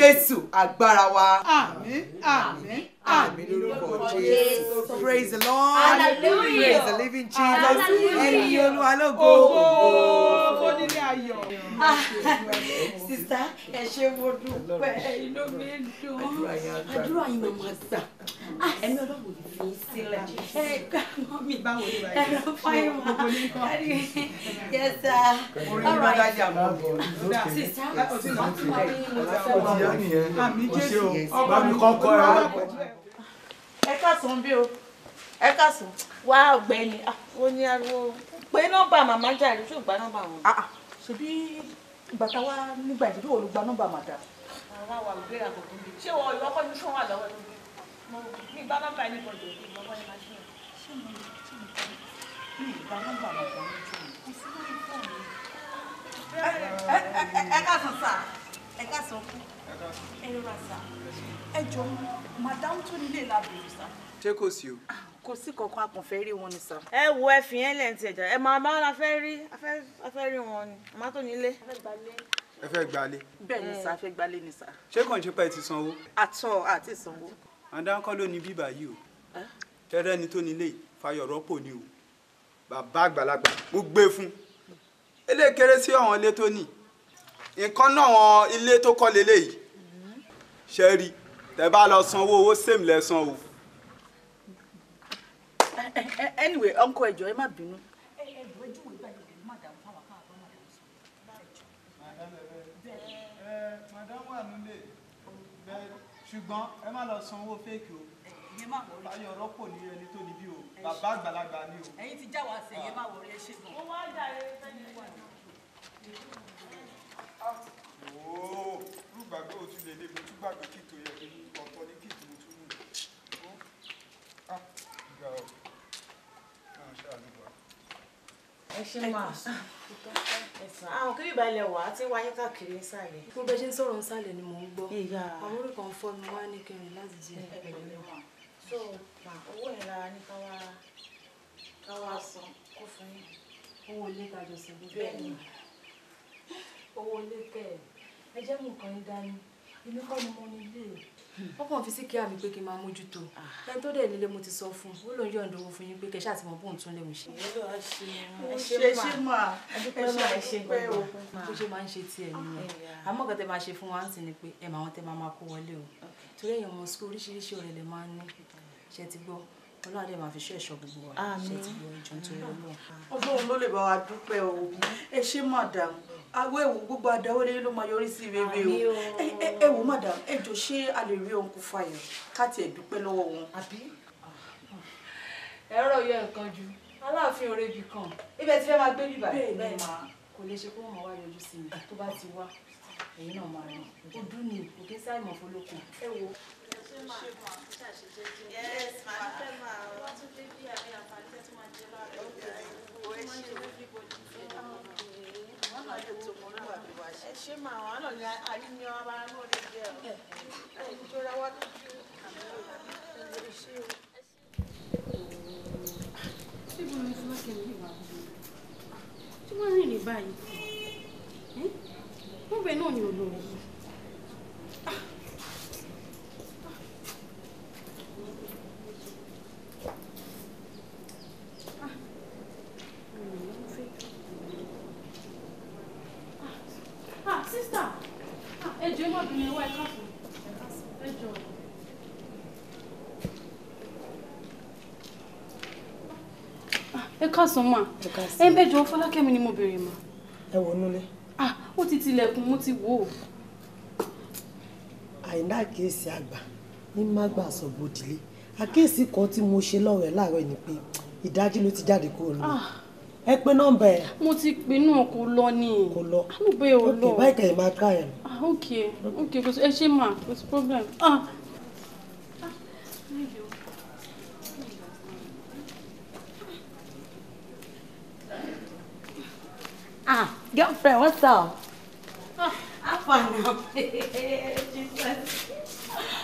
jésù agbára wa. àmín àmín àmín lórúkọ jésù praise the Lord. Hallelujah. Praise the living Jesus. Hallelujah. Ẹni yìí Olúwa lógo. Ògo fónílé ayọ̀. Ah, Sista ẹ ṣe mo dúpẹ́ inú mi dùn. Àdúrà yín máa ma gbà. Ẹ̀mí Ọlọ́run ò fi yín sílẹ̀. Ẹ gbà mọ́ mi. Báwo ni báyìí? Ẹ̀rọ fáyín wa. Yes sir. All right. Sista wọ́n ti wá ní mo ti fẹ́ wá. Àmì Jésù. Ọba mi kọ́kọ́ ẹ. Ẹ ká sọ bí o ẹ káàsán wá ọ̀gbẹ́ni ah, ó ní ariwo pé nọ́mbà màmá jàre ṣó gba nọ́mbà wọn. Ah, ah. ṣebí ìgbà táwa nígbà ìdílé wo ló gba nọ́mbà màdà. àwa wà lóde àgùntàn níbi ṣé wọn ìwọ kọ́ ní fún wa lọ́wọ́ níbi mo ní bá nọ́mbà ẹni bọ̀ lòdì lọ́wọ́ ní máa ṣe é. ṣé mo ní ìgbà nọ́mbà màdà ní ìjọ mi kò sí lórí fóònù mi. ẹ káàsán sà jọ màdà tún nílé làbẹ̀rù sà. ṣé kò sí o kò sí kankan a kàn fẹ́ rí wọn ni sà. ẹ wo ẹ fi yẹn lẹ́yìn tí ẹja ẹ máa bá wọn la fẹ́ rí a fẹ́ rí wọn ni a máa tó nílé. ẹ fẹ́ gbalé. bẹ́ẹ̀ ni sà fẹ́ gbalé ni sà. ṣé kàn ṣe pé ẹ ti sanwó. àtọ àti sanwó. àdáńkọ́ ló ní bíbà yìí o tẹ́rẹ́ ni tó nílé fayọ̀rọ́pò ni o bàbá àgbàlagbà mo gbé e fún eléyìí kéré sí àwọn ilé tó ní nǹkan náà wọn ilé tó kọ́ lélẹ́yìí ṣẹ́ẹ́rì tẹ́ bá lọ sanwó owó sèmìlẹ́sàn o anyway uncle, ẹjọ ẹ má bínú. ṣùgbọ́n ẹ má lọ sanwó fẹ́ẹ̀kì o báyọ̀ rọ́pò ní ẹni tó níbí o bàbá àgbàlagbà ni o. ẹ̀yin ti já wa sí ẹyẹ má ah. wọrí ẹ ṣe gan. mo wá dà ẹ sẹ́ni wà ah. ooo rúgbàgbé òtún lè lé mo gbàgbé kìtò yẹ kí ọ̀tọ̀ ní kìtò mo tún ẹ ṣe máa ẹ̀sán àwọn kiri ìbàlẹ̀ wà á ti wáyé káàkiri ìsàlẹ̀. mo bẹ ṣe ń sọ̀rọ̀ ìsàlẹ̀ ni mò ń gbọ́ àwọn orí kan fọ́ mi wá ní kẹrin láti jẹ ẹgbẹ̀rún wa so owó yẹn lára ní káwá káwá san kó fún yín. owó ilé kájọ sí ibi bẹ́ẹ̀ ni owó ilé tẹ̀ ẹ jẹ́ mú nǹkan ní dání inú kọ́ ni mo ní ilé rẹ̀ wọ́n kàn fi sí kíá mi pé kí n máa mójútó ah. ẹni tó dẹ̀ nílé mo ti sọ fún un ó lóun yọ̀ǹda owó fún yín pé kẹ̀ṣẹ́ àti mọ̀ tún lè mú ṣe. mo ṣe máa o bó ṣe máa ń ṣe tiẹ̀ nìyẹn ah, àmọ́ kan tẹ máa ṣe fún wa ń sìn ni pé ẹ máa wọn tẹ máa máa kó wọlé o torí èèyàn mọ sukú oríṣiríṣi ọ̀rẹ́ lè máa ń ní ṣe ti gbọ́ ọlọ́run máa fi ṣe ẹ̀ṣọ́ gbogbo wa ṣe ti gbọ́ ìjọ nítorí ọlọ́run. ọlọ́run ló lè bá wa dúpẹ́ o ẹ ṣe máa dààmú awọ ẹwù gbogbo adáwọlé ló máa yọrí sí rere o ẹ wò madam ẹ jọ ṣé a lè rí ohun kò fàyà káàtì ẹ dúpẹ́ lọ́wọ́ wọn. ẹ̀rọ yọ nǹkan ju aláàfin ọ̀rẹ́ ibì kan ibẹ̀ tí fẹ́ máa gbé bíbà bẹ́ẹ̀ máa kò lè ṣe kó wọn wá yọjú sí mi tó bá ti wá èyí náà máa rìn ó dún ní òkè sáìmọ̀ fọlọ́kọ ẹ wo. Yes, ma'am ṣé màá báyìí wọ́n bẹ náà ní olóògùn. kásán mà ẹ bẹ́ẹ̀ jọ Fọlákẹ́mi ni mo béèrè mà. ẹ wọ nulẹ. ah ó ti tilẹ̀kùn mo ti wò ó. àìná àkíyèsí àgbà ní mágbà sọ̀bọ̀dìlé àkíyèsí kan tí mo ṣe lọ́rọ̀ ẹ̀ láàárọ̀ ni pé ìdájí ló ti jáde kúrò lónìí ah. ẹ pé nọ́mbà ẹ. mo ti pè náà kò lọ ni. kò lọ ok báyìí kẹyìn máa ká ẹ. Ah, ok ok ẹ ṣe mà kò sí problem. Ah. Ah, girlfriend, what's up? Oh, I found out.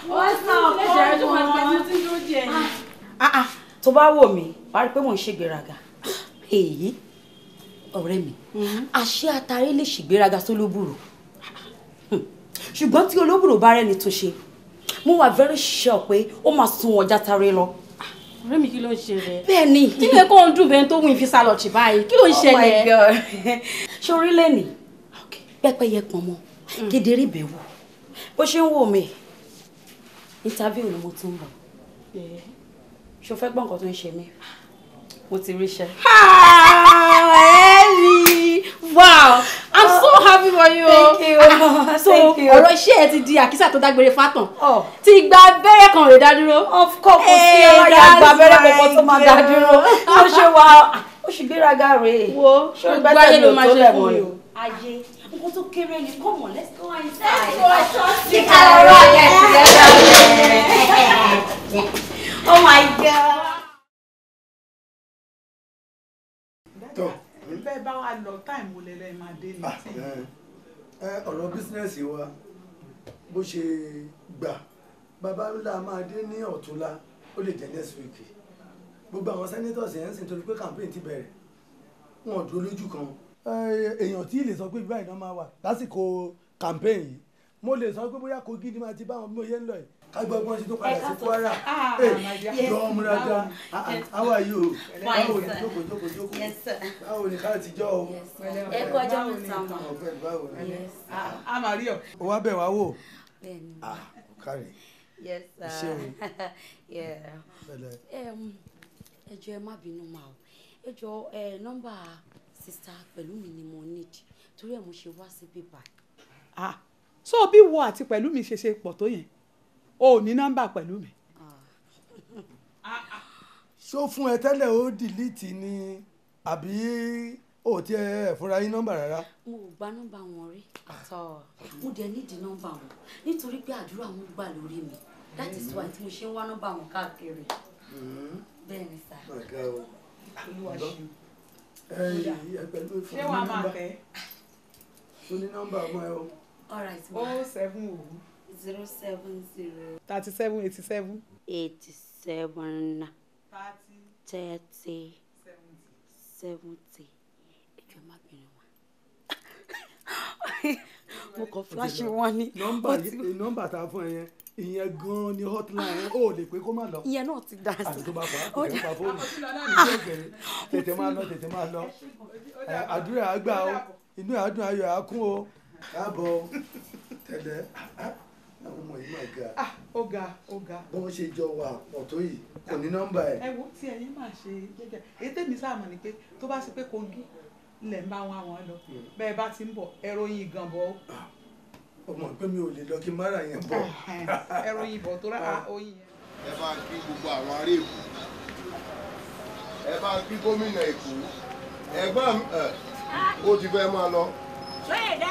What's up? Ṣẹ̀rẹ̀ tó máa ń pẹ́ tí ó jẹ. Tó bá wò mí, wà á rí pé mò ń ṣègbéraga. Èyí ọ̀rẹ́ mi, àṣé atare lè ṣègbéraga sólóbùrò. Ṣùgbọ́n tí olóbùrò bá rẹ́ni tó ṣe, mo wà very sure pé ó máa sun ọjà tare lọ ọ̀rẹ́ mi kí ló ń ṣe rẹ. bẹ́ẹ̀ni kí ló kó ń dùn bẹ́ẹ̀ tó wùn ìfisà lọ tì báyìí kí ló ń ṣẹlẹ̀. ṣorí lẹ́nìí pẹ́pẹ́yẹ pọ̀ mọ́ mm. kedere bẹ̀ wò bó ṣe ń wò mí interview ni mo ti ń bọ̀ eh. ṣo fẹ́ gbọ́ nǹkan tó ń ṣe mí mo ti ríṣẹ́. ẹ̀rí wow i'm oh, so ah, happy for you. thank you ah, so ọ̀rọ̀ iṣẹ́ ẹ ti di àkísà tó dágbére fátàn oh. ti gba abẹ́rẹ́ kan rè dádúró. of course kò sí ọlọ́yà gba abẹ́rẹ́ kankan tó máa dádúró ó ṣe wá ó ṣì gbéraga rèé. wo gbáyé ló máa ṣe fún mi o. ayé nǹkan tó kéré ni come on let's go inside. let's go inside. time wo lẹ́lẹ́ máa dé ní tí. Ah, eh, ọ̀rọ̀ bísínẹ́sì wa bó ṣe gbà babalọ́la máa dé ní ọ̀túnla ó lè jẹ́ next week gbogbo àwọn senators yẹn ń sìn torí pé campaign ti bẹ̀rẹ̀ wọn ò dúró lójú kan. èèyàn tí ilé sọ pé bíbá ìná máa wà lásìkò campaign yìí mo lè sọ pé bóyá Kogi ni màá ti bá wọn bí mo yé ń lọ yìí kágbọ́ ẹgbọ́n ṣe tó padà sí Kwara lọ múra dá how are you báwo ni jókòó jókòó jókòó báwo ni káà tijọ́ o ẹ kọ́ ọjọ́ mi sàmà ọ̀fẹ́ báwo ni. a máa rí ọ. o wá bẹ̀ wá wò ó ah, kárí iṣẹ́ o. ẹ jọ̀ọ́ ẹ má bínú máa o ẹ jọ̀ọ́ nọ́mbà sista Pẹ̀lúmi ni mo need torí ẹ̀ mo ṣe wá síbí báyìí. Ah, so bí wo àti Pẹ̀lúmi ṣe ṣe pọ̀ tó yẹn o ò ní nọ́mbà pẹ̀lú mi. ṣó fún ẹ tẹ́lẹ̀ ó dìlítì ni àbí o ti ẹ fúnra yín nọ́mbà rárá. mo ò gba nọ́mbà wọn rí àtọ mo dẹ nídìí nọ́mbà wọn nítorí pé àdúrà wọn gbà lórí mi that is why tí mo ṣe ń wá nọ́mbà wọn káàkiri bẹ́ẹ̀ ni sá. olúwa ṣe ṣé wàá máa fẹ́. o ní nọ́mbà ọmọ ẹ o. o oh seven o zero seven zero. thirty seven eighty seven. eighty seven. thirty. thirty. seventy. seventy. ìjọ má bínú wa. mo kàn fúláṣí wọn ni. nọ́mbà nọ́mbà tá a fún ẹ yẹn ìyẹn gan ni hotline ó lè pé kó má lọ. ìyẹn náà ti dá sí. àti tó bá fà fóònù tètè máa lọ tètè máa lọ àdúrà àgbà o inú àdùn ayọ̀ àkún o káàbọ̀ tẹ̀lé. àwọn ọmọ yìí máa ga. Ah, ó ga ó ga. bí wọ́n ṣe jọ wà pọ̀ tó yìí kò ní nọ́mbà ẹ̀. ẹ wo tí ẹ̀yin máa ṣe jẹ́jẹ́ èyí tèmi sáàmù ni pé tó bá ṣe pé kogi lẹ̀ ń bá wọn àwọn lọ hmm. bẹ́ẹ̀ bá ti ń bọ̀ ẹ̀rọyìn gan bọ̀ ó. Ah, ọmọ pé mi ò lè lọ kí n má ra yẹn bọ̀. Ah, ẹ̀rọyìn bọ̀ tó rà oyin yẹn. ẹ bá kí gbogbo àwọn ará èkó ẹ bá kí gómìnà èkó ẹgbẹ́ ó ti fẹ́ máa lọ. sọ́yẹ̀dá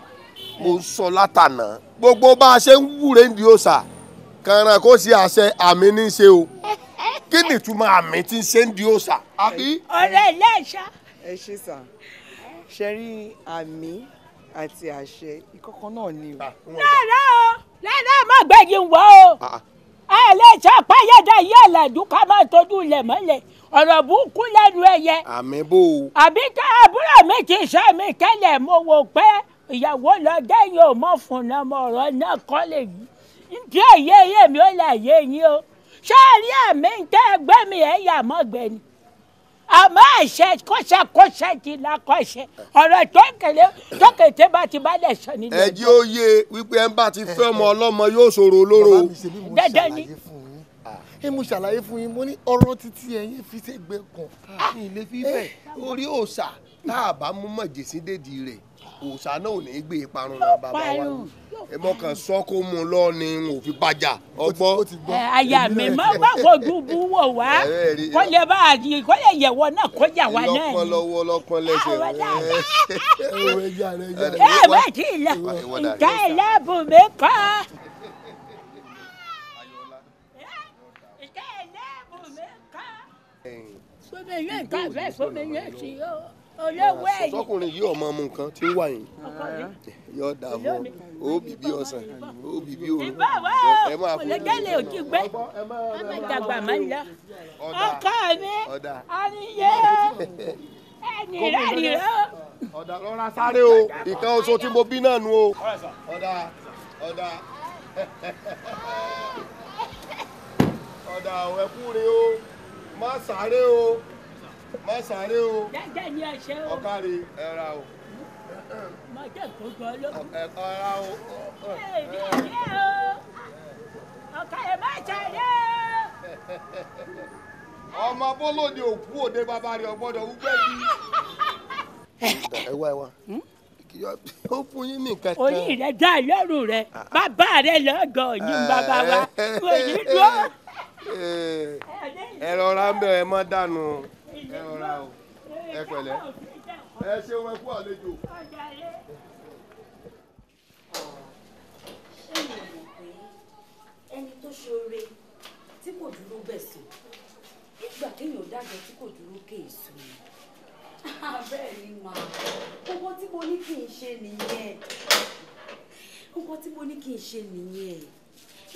mo sọ látànà gbogbo bá a ṣe ń wúre ń di òòṣà kó ṣe àṣẹ àmì ní ṣe o kí ni ìtumọ̀ àmì tí ń ṣe ń di òòṣà àbí. ọ̀rẹ́ ilé ẹ̀ṣá. ẹ ṣe sà ṣe rí àmì àti àṣẹ ìkọ̀kan náà ni o. lára o lára má gbẹ̀yìn wọ o a ah, ah. lè ṣe àpáyédà yí ẹ̀lẹ́dùn ká máa tọ́jú ilẹ̀ mọ́lẹ̀ ọ̀rọ̀ burúkú lẹ́nu ẹ̀yẹ. àmì bò ó. àbí àbúrò mi ti ṣe mí tẹ́lẹ̀ mo wò pé ìyàwó lọ dẹ́yìn ò mọ̀ fún un ọmọ ọ̀rọ̀ náà kọ́ lè yí bí èyí èyí mi ò lè yé yín o sọ́ọ̀rí àmì ń tẹ́ ẹgbẹ́ mi ẹ̀ yà mọ́ gbẹ̀ni àmọ́ àṣẹ kọ́ṣẹ́ kọ́ṣẹ́ ti la kọ́ṣẹ́ ọ̀rọ̀ tó kẹlẹ́ tó kẹtẹ́ bá ti bá lẹ̀ sọ nílẹ̀. ẹ jẹ́ ó yé wípé ẹ ń bá ti fẹ́ ọmọ ọlọ́mọ yóò ṣòro olóró. dandan ni ẹ mo ṣàlàyé fún yín mo ní ọ̀rọ̀ títí ẹ̀yin fi ṣègbè kan ní ilé fífẹ orí òòṣà tá a bá mú mọ̀jẹ̀síndèdì rẹ̀ òòṣà náà ò ní gbé ìparun náà bàbá wa ẹ mọ̀kàn sọ kó mu lọ ni n ò fi bàjá ọgbọ́. àyà mi má bá fojú bú wò wá kọ́lẹ̀ bá a di kọ́lẹ̀ yẹ̀wò náà kọjá wa náà. lọ́pọ̀ lọ́wọ́ lọ́pọ̀ lẹ́sẹ̀ rẹ̀. ẹ bá ti lọ ìta ẹlẹ́bùn ìta ẹlẹ́bùn mi kọ́. sómi yẹn ká bẹ́ẹ̀ sómi yẹn sí o olówó ah, ẹ̀yìn. sọkùnrin yìí ọmọ mu nǹkan tí ó wà yín yọ da fún ọ ó bìbí ọsàn ó bìbí òru ẹ máa fún mi. olùdẹ́lẹ̀ òkè gbé ọmọ ìdàgbà máa ń lọ ọkọ mi àníyé ẹni rẹ ni rẹ o. ọ̀dà rọra sáré o ìkan oṣù tí mo bí náà nu o. ọ̀dà ọ̀dà ọ̀dà ọ̀wẹ́kú rẹ o má sáré o má sáré o ọ̀kárí ẹ̀ra o. má jẹ́ kó gbọ́ lókun. ẹ̀ra o. èmi ẹ̀yẹ o ọ̀ká ẹ̀ má sáré o. ọmọ bọ́lọ́dẹ òkú òde bàbá rẹ̀ ọgbọ́dọ̀ wúgbẹ́ bí. ẹ wá ẹ wá hmm? ó fún yín nìkan tán. oyin rẹ dá lọ́rùn rẹ bàbá rẹ lọ́gọ̀ yín ah, bàbá wa kò eh, dúró. Eh, eh. ẹ rọra ń bẹ̀rẹ̀ mọ́ dànù ẹ rọra o ẹ pẹ̀lẹ́ ẹ ṣeun ẹ kú àlejò. ẹni tó ṣoore tí kò dúró gbẹ̀sùn nígbà kéèyàn dájọ́ tí kò dúró kéèsùn ni bẹ́ẹ̀ ni mà owó tí mo ní kí n ṣe nìyẹn owó tí mo ní kí n ṣe nìyẹn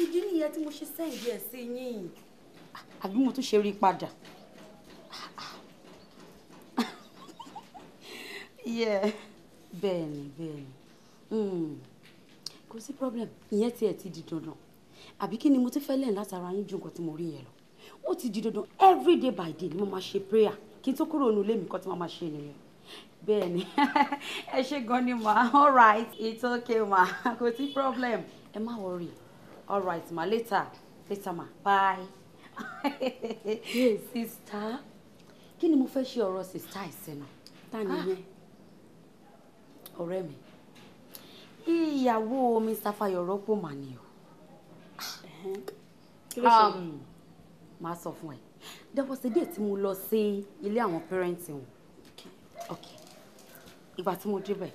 ìdí nìyẹn tí mo ṣe sẹ́yìn ẹ̀ sí yín àbí mo tún ṣe rí padà. yẹ bẹ́ẹ̀ ni bẹ́ẹ̀ ni hmm. kò sí problem ìyẹn tiẹ̀ ti di dandan àbí kí ni mo ti fẹ́ lẹ́yìn látara yín ju nǹkan tí mo rí yẹn lọ ó ti di dandan every day by day ni mo máa ṣe prayer kí n tó kúrò nínú ilé mi kan tí mo máa ṣe nìyẹn bẹ́ẹ̀ ni ẹ ṣe gan ni ma all right it's okay ma kò sí problem ẹ má worry all right ma later later ma bye sista kí ni mo fẹ́ ṣe ọ̀rọ̀ sista ìsẹ̀nà tá nìyẹn ọ̀rẹ́ mi ìyàwó Mr. Fayọrọ́pò mà ni o ah. máa hmm, sọ fún ẹ there was a day tí mo lọ sí ilé àwọn pẹ́rẹ́ǹtì wọn ìgbà tí mo débẹ̀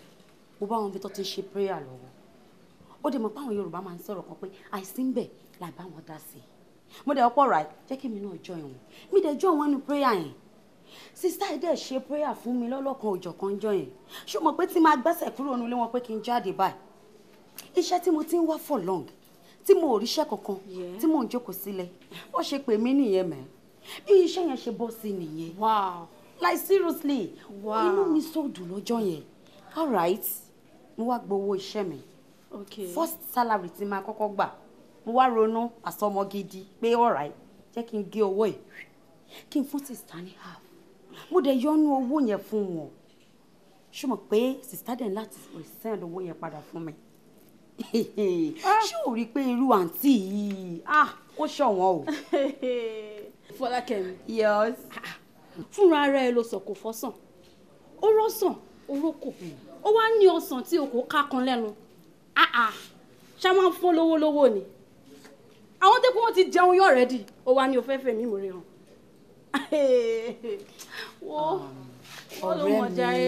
mo bá wọn bí tó ti ń ṣe prayer lọ́wọ́ ó dẹ̀ mọ̀ pé àwọn Yorùbá máa ń sọ̀rọ̀ kan pé àìsí ń bẹ̀ làbá wọn dá sí i mo dẹ̀ ọ̀pọ̀ ọ̀rọ̀ jẹ́ kí mi náà join wọn mi dẹ̀ join wọn ní prayer yẹn sista ẹ dẹ̀ ṣe prayer fún mi lọ́lọ́kan òjọ̀kan jọ yẹn ṣé o mọ̀ pé tí máa gbẹ́sẹ̀ kúrò nílé wọn pé kí n jáde báyìí iṣẹ́ tí mo ti ń wá for long tí mo ò ríṣẹ́ kankan tí mo ń jókòó sílẹ̀ wọ́n ṣe pè mí nìyẹn mẹ́ bí iṣẹ́ yẹn ṣe bọ́ sí nìyẹn wow like seriously wow inú mi so dùn lọ́jọ́ yẹn all right mo wá gbowó iṣẹ́ mi okay first salary tí máa kọ́kọ́ gbà mo wá ronú àsọmọ gidi pé all right jẹ́ kí n gé owó ẹ̀ kí n fún sista ní half mo dẹ̀ yọnu owó yẹn fún wọn ṣé mo pé sista dẹ̀ láti send owó yẹn padà fún mi ah. ṣé o rí i pé irú àǹtí yìí ah, ó ṣọ̀wọ́n o. fọlákẹ́mi. yes. fúnra ara ẹ ló sọ kò fọ́sàn ó rọ́sàn ó rókò ó wá ní ọsàn tí o kò ká kan lẹ́nu ṣá máa ń fún lówó lówó ni àwọn tó kí wọ́n ti jẹun yọ̀ rẹ́dì ó wá ní o fẹ́ fẹ̀mí ìmọ̀ràn wo wọ́n ló mọ̀ járe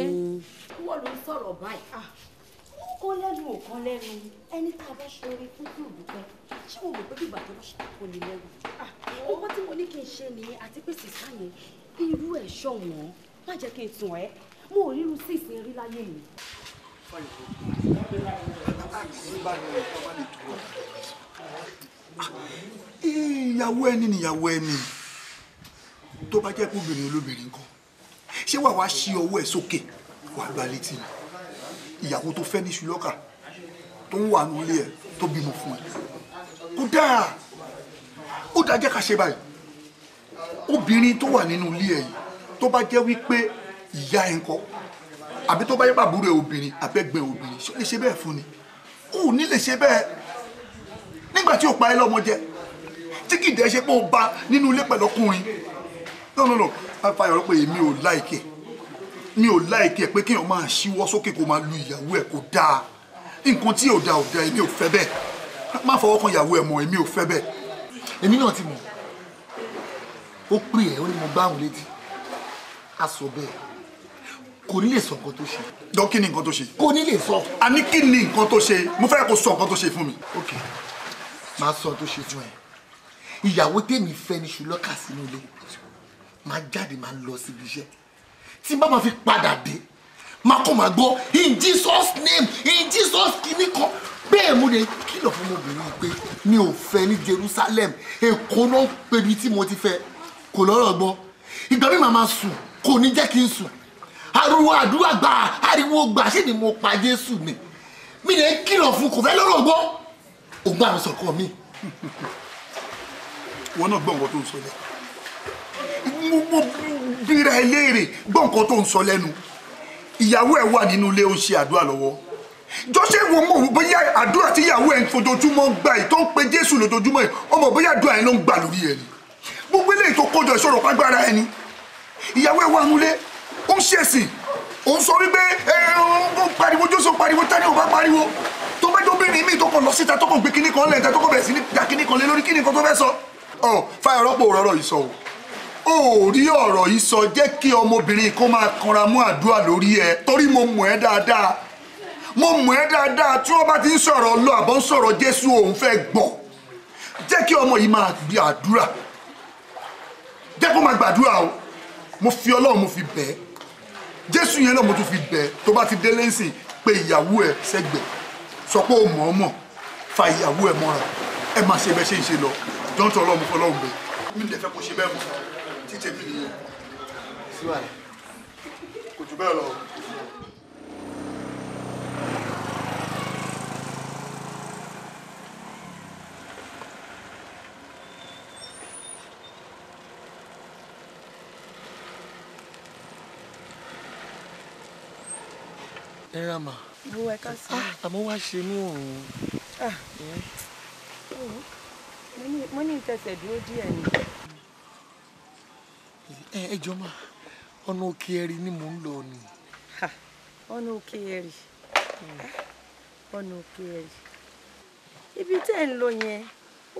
wọ́n ló ń sọ̀rọ̀ báyìí ah, kọ́ lẹ́nu ò kọ́ lẹ́nu ẹni tá a bá ṣe orin fún kí olùpẹ́ ṣé mo mọ̀ pé bí bàtọ́ bá ṣe kò ní lẹ́nu. owó tí mo ní kí n ṣe nìyẹn àti pé sísá yẹn irú ẹ̀ ṣọ̀wọ́n má jẹ́ kí n tàn ẹ́ mo ò ríru sí ìsìn rí láyé mi. ìyàwó ẹni nìyàwó ẹni tó bá jẹ́ kóbìnrin olóbìnrin kan ṣé wàá wá ṣí ọwọ́ ẹ̀ sókè wàá gba létí mi ìyàwó tó fẹ́ ní ṣùlọ́kà tó ń wà nílé ẹ̀ tó bímọ fún ẹ kó dáa ó dáa jẹ́ ká ṣe báyìí obìnrin tó wà nínú ilé ẹ̀ yìí tó bá jẹ́ wípé ìyá ẹ̀ ń kọ́ àbí tó bá yẹ bàbúrò ẹ̀ obìnrin àbẹ́gbẹ́ obìnrin ṣó lè ṣe bẹ́ẹ̀ fún ni ó ní lè ṣe bẹ́ẹ̀ nígbà tí ò pa ẹ lọ́mọ jẹ tí kìdẹ́ ṣe pé ó ba nínú ilé pẹ̀lú ọkùnrin no no no afáyọ̀ rẹ pé èmi ò láìkè mi ò láìkè pé kéèyàn máa ṣíwọ́ sókè kó máa lu ìyàwó ẹ̀ kó dáa nǹkan tí ò da ò da èmi ò fẹ́ bẹ́ẹ̀ má fọwọ́ kan ìyàwó ẹ̀ mọ́ èmi ò fẹ́ bẹ́ẹ̀ èmi náà ti mọ̀ ó pè ẹ́ ó ní mo bá àwọn létí a sọ bẹ́ẹ̀ kò ní lè sọ nǹkan tó ṣe. jọ kí ni nǹkan tó ṣe. kò ní lè sọ. a ní kí ni nǹkan tó ṣe mo fẹ́ kó sọ nǹkan tó ṣe fún mi. ok máa sọ tó ṣe fún ẹ ìyàwó tèmi fẹ́ ni ṣùlọ́kà sínú ilé máa jáde máa lọ síbi iṣẹ́ tí bá máa fi padà dé máa kọ́ máa gbọ́ in Jesus name in Jesus kìíní kan bẹ́ẹ̀ mo lè kìlọ̀ fún ọmọbìnrin pé mi ò fẹ́ ní Jerusalem Èkó náà pébi tí mo ti fẹ́ kò lọ́rọ̀ gbọ́ ìgbà mi màá máa sùn kò ní jẹ́ kí n sùn ariwo àdúrà gbà ariwo gbà ṣé ni mo pa Jésù mi mi lè kìlọ̀ fún kò fẹ́ lọ́rọ̀ gbọ́ ògbà mi sọ̀kọ mi. wọn náà gbọ́ nǹkan tó ń sọ yẹn bíra ẹ léèrè gbọ́ nǹkan tó ń sọ lẹ́nu ìyàwó ẹ wà nínú ilé ó ṣe àdúrà lọ́wọ́ jọ́sẹ̀ wo mọ̀ bóyá àdúrà tí ìyàwó ẹ̀ ń fojoojúmọ́ gbà yìí tó ń pe jésù lójoojúmọ́ yìí ọmọ bóyá àdúrà yẹn ló ń gbà lórí ẹ̀ ni gbogbo eléyìí tó kọjọ ìṣòro pàgbára ẹ̀ ni ìyàwó ẹ̀ wà nulẹ̀ ó ń ṣèsìn ó ń sọ wípé ẹ ń pariwo jésù pariwo tani ò bá pariwo tó bá jó bìnrin mi tó kàn lọ síta tó kàn gbé kíní kan lẹ́yìn tó kàn bẹ̀rẹ̀ sí ní o ò rí ọ̀rọ̀ yìí sọ jẹ́ kí ọmọbìnrin kó máa kanra mú àdúrà lórí ẹ torí mo mọ̀ ẹ́ dáadáa mo mọ̀ ẹ́ dáadáa tí wọ́n bá ti ń sọ̀rọ̀ ọlọ́ àbọ̀ ń sọ̀rọ̀ jésù òun fẹ́ gbọ́ jẹ́ kí ọmọ yìí máa gbé àdúrà jẹ́ kó máa gbàdúrà o mo fi ọlọ́run mo fi bẹ̀ ẹ́ jésù yẹn náà mo tún fi bẹ̀ ẹ́ tó bá ti délé ńsìn pé ìyàwó ẹ sẹ́gbẹ̀ẹ́ sọ pé o mọ̀ ọ́ mọ̀ fa ìyàwó ẹ mọ́ra ẹ máa ṣe bẹ́ẹ̀ ṣe ń ṣe lọ jọ́ńtọ́ ọlọ́run fọlọ́run bẹ́ẹ̀ mi ò dẹ̀ fẹ́ kó ṣe bẹ́ẹ̀ mọ́ tèmi nìyẹn kò jù bẹ́ẹ̀ lọ. náírà mà. owó ẹ ká sí. Ah, àmọ́ wá ṣe mú òun. Ah. mo ní ìtẹsẹ̀ dúró díẹ̀ ni ẹ jọ máa ọ̀nà òkè ẹ̀rì ni mò ń lọ ni. ọ̀nà òkè ẹ̀rì ọ̀nà òkè ẹ̀rì ibi tẹ́ ń lọ yẹn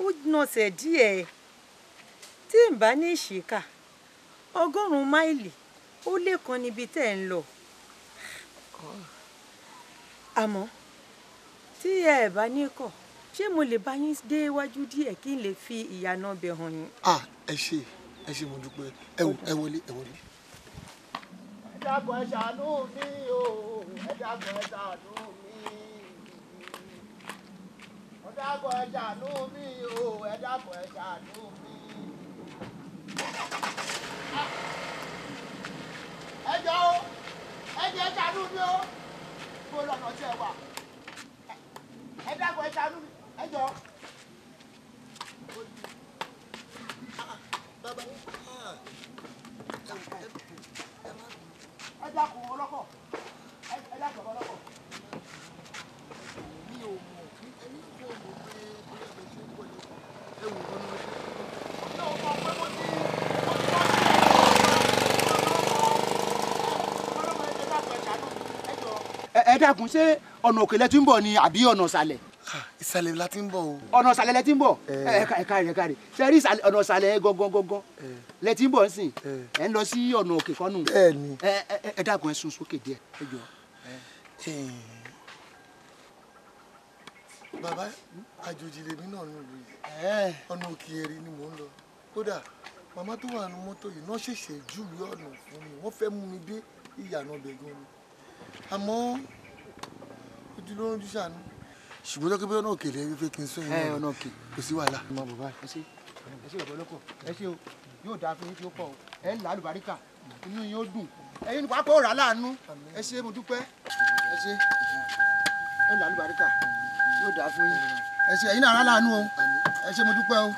ó nọ̀sẹ̀ díẹ̀ tí n bá ní ìṣìkà ọgọ́rùn-ún máìlì ó lé kan níbi tẹ́ ń lọ. àmọ́ tí ẹ bá ní kọ̀ ṣé mo lè bá yín dé iwájú díẹ̀ kí n lè fi ìyànà ọbẹ̀ hàn yín. ẹ ṣe. Ah, ẹ ṣe mo dúpẹ́ ẹ wò ẹ wọlé ẹ wọlé. ẹ dákun ẹ ṣàánú mi o ẹ dákun ẹ ṣàánú mi ẹ dákun ẹ ṣàánú mi o ẹ dákun ẹ ṣàánú mi. ẹ jọ o ẹ jẹ ẹ ṣàánú o mo lọ́nà tí ẹ wà ẹ dákun ẹ ṣàánú mi bàbá ẹ dákun ọlọ́kọ̀ ẹ dákun ọlọ́kọ̀. mi ò mọ̀ ẹni ṣe ọ̀nà òkèlè tí ń bọ̀ ni àbí ọ̀nà ìsàlẹ̀ sàlẹ̀ la ti ń bọ̀ o. ọ̀nà sàlẹ̀ lẹ ti ń bọ̀ eh. Eh, ẹ káre ẹ káre ṣe rí ọ̀nà sàlẹ̀ gangan gangan eh. lẹ ti ń bọ̀ nsìn ẹ ń lọ sí ọ̀nà òkè kan nù ẹ dàgùn ẹ sun sókè díẹ̀ ẹ jọ. bàbá àjòjì lèmi náà ń lò yìí ọ̀nà òkè èrè ni mò ń lọ kódà màmá tó wà ní mọ́tò yìí náà ṣẹ̀ṣẹ̀ júlù ọ̀nà fún mi wọ́n fẹ́ mú mi dé ìyànà bẹ̀gàn ni àmọ́ ojúlówó ojú ṣùgbọ́n jẹ́ kí bí ọ̀nà òkèlè ẹni fẹ́ kí n sẹ́yìn náà ọ̀nà òkè kò sí wàhálà. ẹ mọ bàbá ẹ ṣe ẹ ṣe bàbá ọlọ́kọ̀ ẹ ṣe o yóò dáa fún yín tí ó pọ̀ o ẹ ń là á lùbáríkà inú yín ó dùn ẹ̀yin nípa pọ̀ rà láàánú ẹ ṣe mo dúpẹ́ ẹ ṣe ẹ là á lùbáríkà yóò dáa fún yín ẹ ṣe ẹ̀yin náà láàánú o ẹ ṣe mo dúpẹ́ o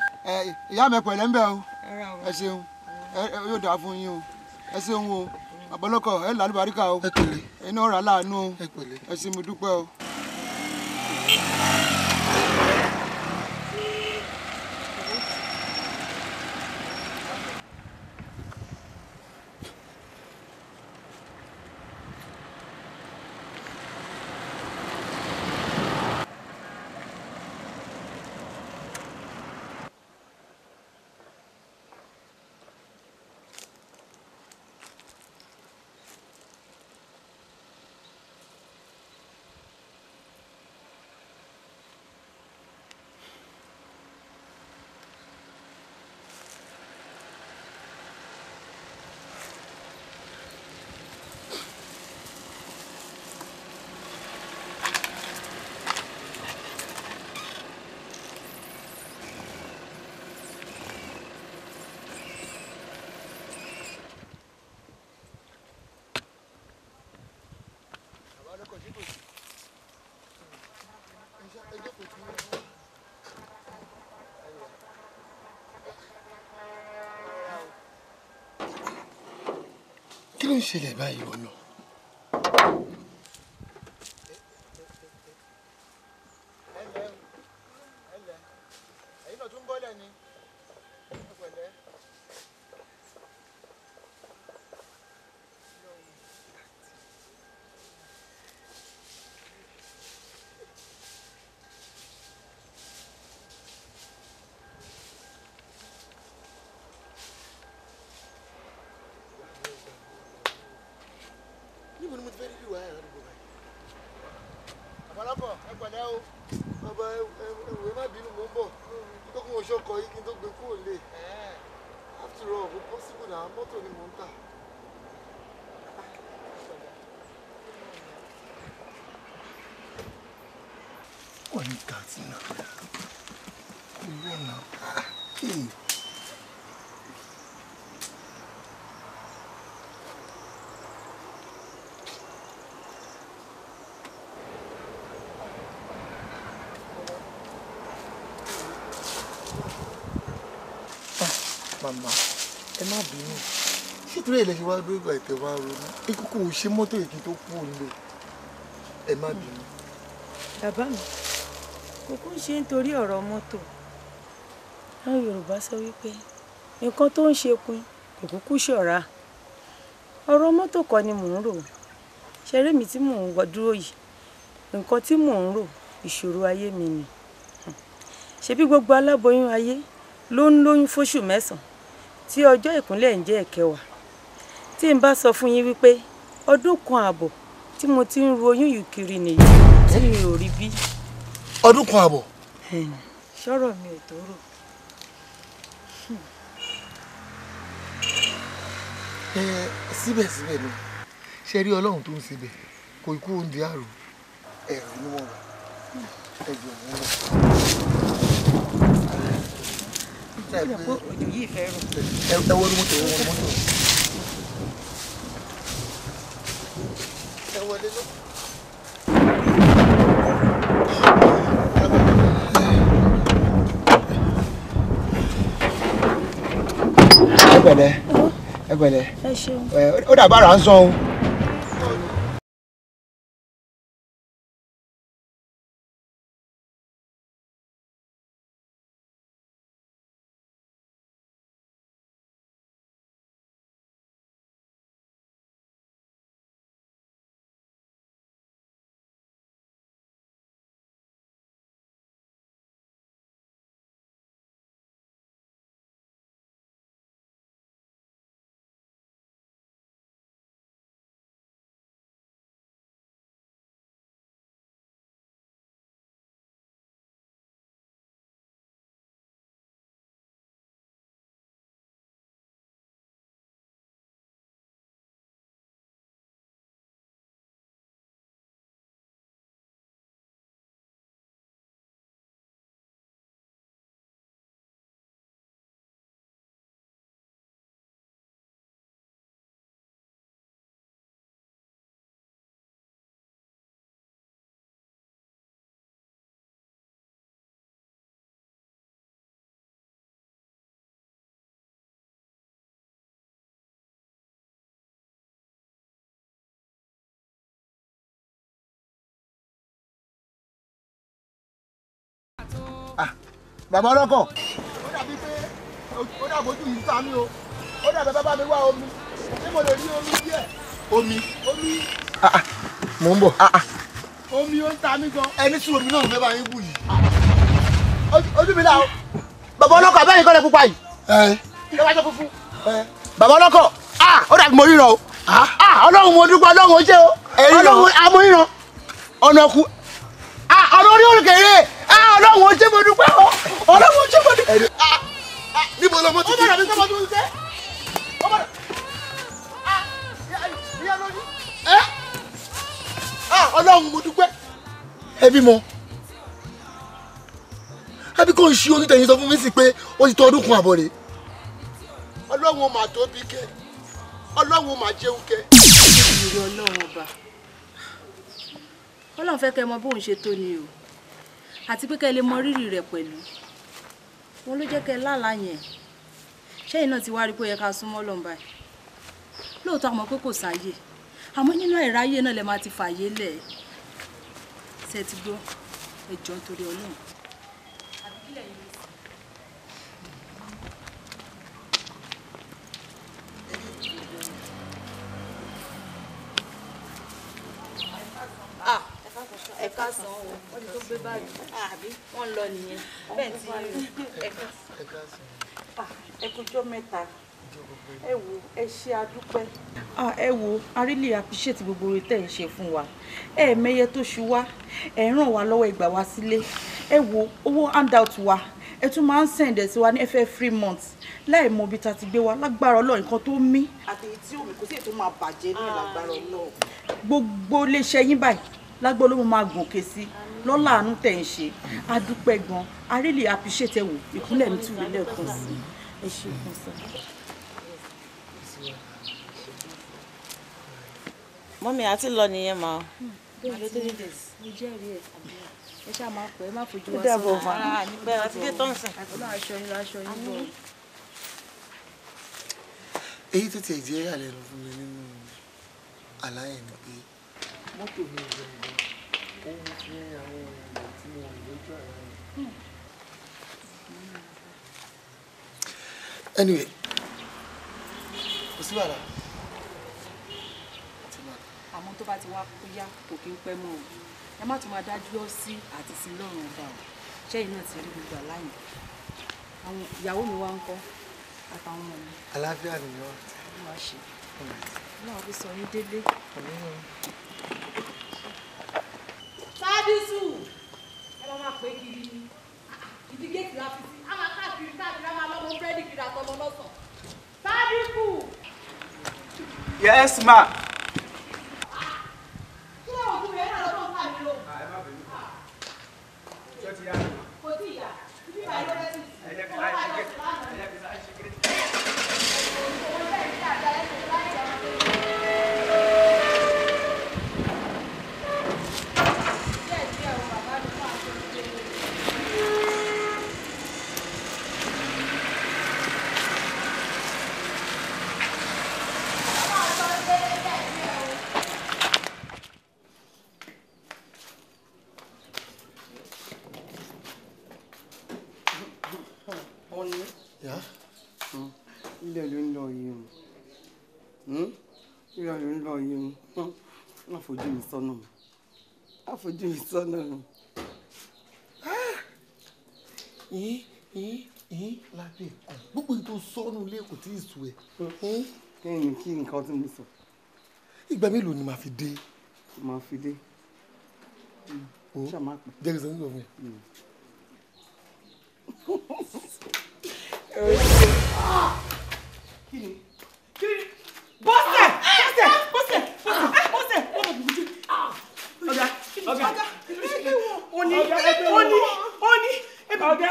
ìyá mi pẹ̀lẹ́ ń bẹ o ẹ ṣeun yóò dáa fún yín o ẹ ṣeun o àbọ̀lọ́kọ̀ ẹ là á o ẹ náà rà láàánú o ẹ ṣe mo dúpẹ́ o. Thank you. kí ló ń ṣẹlẹ̀ báyìí ọ̀nà padà o bàbá ẹwẹ má bínú mò ń bọ̀ kókùn oṣù ọkọ̀ yìí kí n tó gbé kúrò lè after all kò possible na mọ́tò ni mò ń tà. One thousand naira. One naira. màmá ẹ má bínú sítorí ẹ̀ lè ṣe wá dóògbà ìtẹ̀ wá ronú ikúkú ò ṣe mọ́tò èkì tó kú òǹlò ẹ má hmm. bínú. bàbá mi kókó ń ṣe nítorí ọ̀rọ̀ mọ́tò àwọn yorùbá sọ wípé nǹkan tó ń ṣe pin kò kúkú ṣọ̀ra ọ̀rọ̀ mọ́tò kọ́ ni mò ń rò ṣeré mi tí mò ń dúró yìí nǹkan tí mò ń rò ìṣòro ayé mi ni ṣebí gbogbo aláboyún ayé ló ń lóyún fóṣù mẹ́sàn-án tí ọjọ́ ìkúnlẹ̀ ń jẹ́ ìkẹwàá tí n bá sọ fún yín wípé ọdún kan ààbọ̀ tí mo ti ń ru oyún yìí kiri nìyí tí mi ò rí bí. ọdún kan ààbọ̀. sọ̀rọ̀ mi ò tó rò. síbẹ̀síbẹ̀ ni ṣe rí ọlọ́run tó ń síbẹ̀ kò ikú oúnjẹ àrùn ẹ̀rù ni wọ́n wà ẹ̀jọ̀ wọn lọ tẹ ẹ pé òjò yìí fẹ́ rò. ẹ wọ́n ní mọ́tò ẹ wọ́n mọ́tò. ẹ wọlé lọ. ẹ pẹ̀lẹ́ ẹ pẹ̀lẹ́ ó dàbára ń sọ o. bàbá ọlọ́kọ̀. ó dàbí pé ó dàbí ojú yìí ta mí o ó dàbí bàbá mi wá omi ṣé mo lè rí omi díẹ̀. omi. omi. Ah, ah. mò ń bọ̀. Ah, omi ó ń ta mí gan. ẹni tí omi náà mẹ́fà yín bù yìí. ojú mi náà bàbá ọlọ́kọ̀ abẹ́yìn kọ́lẹ̀ pupa yìí. ẹ ẹ wájú funfun. bàbá ọlọ́kọ̀ ó dàbí mo ríran o ọlọ́run mo dúpọ̀ ọlọ́run ó ṣe o ọlọ́run amóríran ọ̀nà kù ọ̀nà orí òrùkèrè ọlọ́run ojú mo dúpẹ́ o ọlọ́run ojú mo dúpẹ́. Ah, ah, níbo lọmọ ti kí. ó bọ̀dọ̀ mi sọ́mọ́ tó ń tẹ́. ó bọ̀dọ̀. Ah, ìyá lórí. ẹ ọlọ́run mo dúpẹ́. ẹ bímọ àbí kò ń ṣe onítẹ̀yìn sọ fún mi sí pé ó ti tọ́ ọdún kan àbọ̀ rè. ọlọ́run mà tóbi kẹ ọlọ́run mà jẹun kẹ. ìrírí ọlọ́run ọba ọlọ́run fẹ́ kẹ́ ẹ mọ bóun ṣe tó ni o àti pé kẹ́ ẹ lè mọ rírì rẹ̀ pẹ̀lú wọn ló jẹ́ kẹ́ ẹ lálàá yẹn ṣẹ́yìn náà ti wá rí pé ó yẹ ká súnmọ́ lọ́n báyìí lóòótọ́ àmọ́ pé kò sáyè àmọ́ nínú àìráyè náà lẹ máa ti fàyè lẹ̀ ṣe ti gbọ́ ẹjọ́ torí ọlọ́run ẹ̀ka sàn o wọ́n ti tó gbé báàgì ah, àbí wọ́n lọ nìyẹn bẹ́ẹ̀ tí ẹ̀ka sàn. ẹkùjọ mẹ́ta ẹ wo ẹ ṣe adúpẹ́. Ah, ẹ wo a really appreciate gbogbo oore tẹ̀ ń ṣe fún wa ẹ mẹ́yẹ tó ṣu wá ẹ ràn wá lọ́wọ́ ẹ gbà wá sílé ẹ wo owó handout wa ẹ tún máa ń send ẹ sí wa ní ẹ fẹ́ free month láì mọ ibi tá a ti gbé wa lágbára Ọlọ́run nǹkan tó mí. àtẹ̀yí tí omi kò sí ètò máa bàjẹ́ ní ìlàgbára Ọlọ́run. gbogbo iléeṣẹ́ yín báyìí lágbó ló mo máa gòkè sí lọ́la àánú tẹ̀ ń ṣe adúpẹ́ gan arílẹ̀ àpìṣètẹ̀ wò ìkúnlẹ̀ mi tún lélẹ̀ kan sí ẹ ṣe kan sọ. mọ́mí àti lọ nìyẹn mọ́. bẹ́ẹ̀ ló dé mo jẹ́rìí ẹ̀ ẹ ṣáà máa pẹ́ ẹ má fojú wa sí ara nígbẹ́ àti dé tọ́ǹsì. ọlọ́run aṣọ yín aṣọ yín bọ̀. èyí tó tiẹ̀ jẹ́ àlẹ́ lọ fún mi nínú àlàyé ni pé mọ́tò mi ò rẹ̀ anyway kò sí wàhálà. àmọ́ tó bá ti wá kóyá kò kí ń pẹ́ mọ́ o ẹ má tún máa dájú ọ sí àti sí lọ́rùn ọba o ṣẹ́yìn náà ti rí gbogbo àláyìn àwọn ìyàwó mi wá ń kọ́ àtàwọn ọmọ mi. àlàáfíà ni yọ. wàá ṣe náà fi sọ yín délé. sábìsù ẹ bá máa pè é kiri ni yes ma. àfojú mi sọ́nà mi àfojú mi sọ́nà mi. yín yín yín lábẹ́ ẹ̀kọ́ gbogbo nítorí sọ́nù ilé kò tí ì sùn ẹ̀. kẹ́yìn kí nǹkan tí mo sọ. ìgbà mélòó ni màá fi dé. màá fi dé. o jẹ́ kí n sọ nígbà fún ọ̀gá ó ní ó ní ó ní ẹ̀bùn ọ̀gá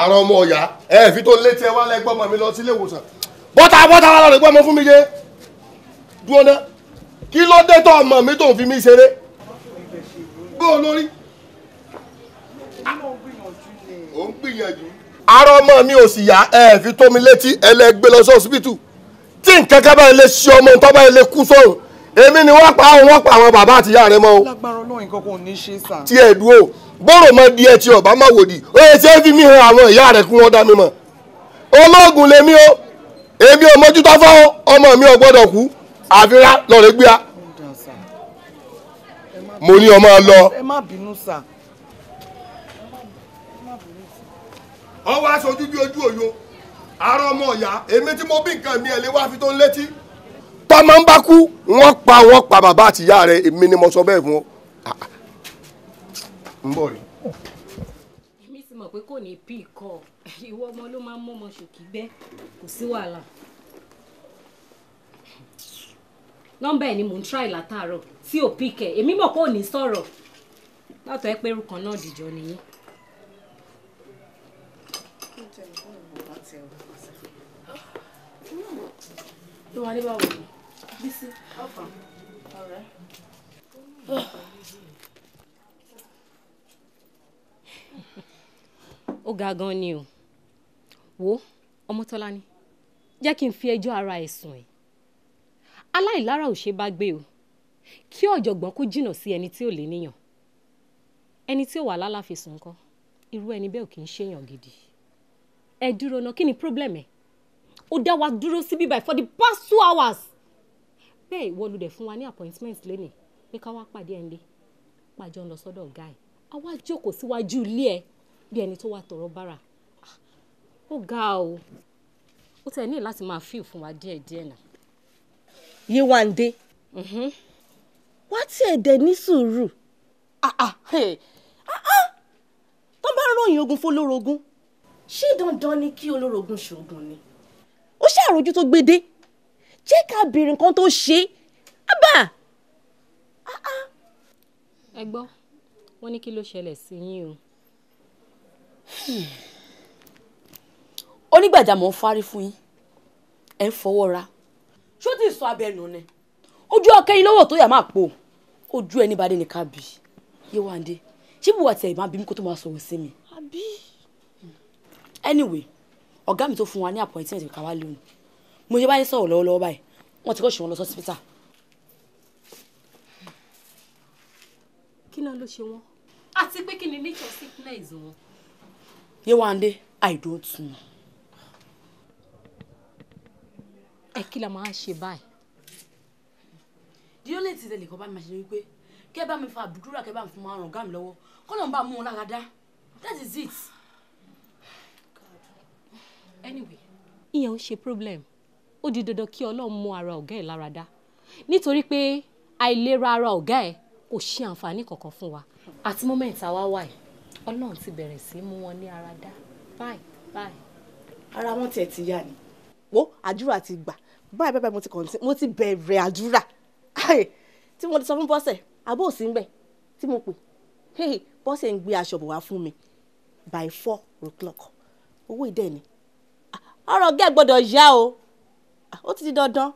ara ọmọ ọ̀yá ẹ fi tó létí ẹ wá lẹ́gbọ́n mọ̀ mi lọ sílé ìwòsàn bọ́tà bọ́tà wà lọ́rọ̀ gbọ́mọ fún mi yé dúró ná kí ló dé tó ọmọ mi tó ń fi mí ṣeré bó o lórí. ó ń gbìyànjú. ara ọmọ mi ò sì yá ẹ fi tó mi létí ẹ lẹ gbé lọ sí ọsibítù tí nǹkan kan báyìí lè ṣe ọmọ nǹkan báyìí lè kú sọ̀rọ̀ èmi ni wọ́n pa àwọn wọ́n pa àwọn bàbá àti ìyá rẹ mọ́ o. lágbára Ọlọ́run nǹkan kò ní ṣe sà. tí ẹ dúró bọ́rọ̀ mọ di ẹ tí ọba má wòdì ó yẹ ṣe é fi mí han àwọn ìyá rẹ kí wọ́n dá mi mọ̀. olóògùn lèmi o èmi ò mójútó fọ́ ọmọ mi ò gbọ́dọ̀ kú àfira lọ́ọ̀rẹ́ gbéra. mo ní ọmọ lọ. ẹ má bínú sà. ọwọ́ aṣojú bí ojú òyò. ara ọmọ ọya èmi tí mo bí nǹkan mi ẹ lè wá fi tó ń létí. tọ́mọ ń bá kú wọ́n pa wọ́n pa bàbá àti ìyá rẹ̀ èmi ni mo sọ bẹ́ẹ̀ fún ọ. ń bọ̀ rí. èmi ti mọ̀ pé kò ní bí ikọ̀ ìwọ ọmọ ló máa ń mú ọmọ ṣòkì gbẹ́ kò sí wàhálà. nọ́mbà ẹ̀ ni mò ń try látàárọ̀ tí ò píkẹ̀ èmi mọ̀ pé ò ní sọ̀rọ̀ látọ̀ ẹ pẹ́rù kan náà dìjọ nìyí. ló wà ní báwo ni bísí ọfà ọ̀rẹ́. ó gan ni o wo ọmọtọ́lá ni jẹ́ kí n fi ẹjọ́ ara ẹ̀ sùn ẹ̀ aláìlára ò ṣe bá gbé o kí ọ̀jọ̀gbọ́n kó jìnnà sí ẹni tí ò lè níyàn ẹni tí ò wà lálàfisùn ńkọ́ irú ẹni bẹ́ẹ̀ ò kì í ṣèyàn gidi ẹ dúró ná kí ni problem ẹ̀ ó dá wa dúró sí bíbáyìí for the past two hours bẹ́ẹ̀ ìwọ lulẹ̀ fún wa ní appointment lẹ́nìí pé ká wá pàdé ẹ̀ ńlẹ̀ pàjọ ń lọ sọ́dọ̀ ọ̀gá ẹ̀ a wá jókòó síwájú ilé ẹ̀ bí ẹni tó wà tọ̀rọ̀ bára ah, ó ga o ó tẹ̀ ní láti máa fíì fún wa díẹ̀díẹ̀ náà. Yéwándé mm-hmm. wá tí ẹ̀dẹ̀ ní sùúrù ah, ah, tó bá ròyìn ogun fún olórogún ṣé dandan ni kí olórogún ṣoògùn ni ó ṣàròjù tó gbede jẹ́ ká béèrè nǹkan tó ṣe ábà. Ah, ah. ẹ gbọ́ wọ́n ní kí ló ṣẹlẹ̀ sí yín o. Hmm. onígbàjámọ̀ ń fárí fún yín ẹ ń fọwọ́ ra ṣó tí ì sọ abẹnú ni ojú ọkẹ́ yín lọ́wọ́ tó yà máa pò ojú ẹni bá dé ní ká bì í Yéwándé ṣé bùwà tí ẹ̀ máa bí mi kó tó máa sọ̀rọ̀ sí mi. anyway ọ̀gá mi tó fún wa ní appointment ìka wá lónìí mo ṣe báyìí sọ̀rọ̀ lọ́wọ́lọ́wọ́ báyìí wọ́n ti kọ́ ṣe wọn lọ sọ́sípítà. kí náà ló ṣe wọn. àti pé kí ni nature sickness wọn. Yéwándé I don't know. ẹ kí la máa ṣe báyìí. díẹ̀ lè ti tẹ̀lé kọ́ bá mi máa ṣe wípé kẹ́ bá mi fa àbúdúrà kẹ́ bá mi fún márùn ọ̀gá mi lọ́wọ́ kọ́ ló ń bá mú un lára dá that is it anyway ìyẹn ò ṣe problem ó di dandan kí ọlọ́run mú ara ọ̀gá ẹ̀ lára dá nítorí pé àìlera ara ọ̀gá ẹ̀ kò ṣe àǹfààní kankan fún wa àti moment àwa wà yìí ọlọ́run ti bẹ̀rẹ̀ sí mú wọn ní ara dá báyìí báyìí. ara wọn tiẹ̀ ti yá ni wo àdúrà ti gbà báyìí báyìí mo ti kọ̀ǹtì mo ti bẹ̀rẹ̀ àdúrà tí mo ti sọ fún bọ́sẹ̀ àbó òsì ń bẹ̀ tí mo pè bọ́sẹ̀ ń gbé aṣọ bò wá fún mi by four o'clock owó ìdẹ́ni ọ̀rọ̀ gẹ́ gbọ́dọ̀ yá o ó ti di dandan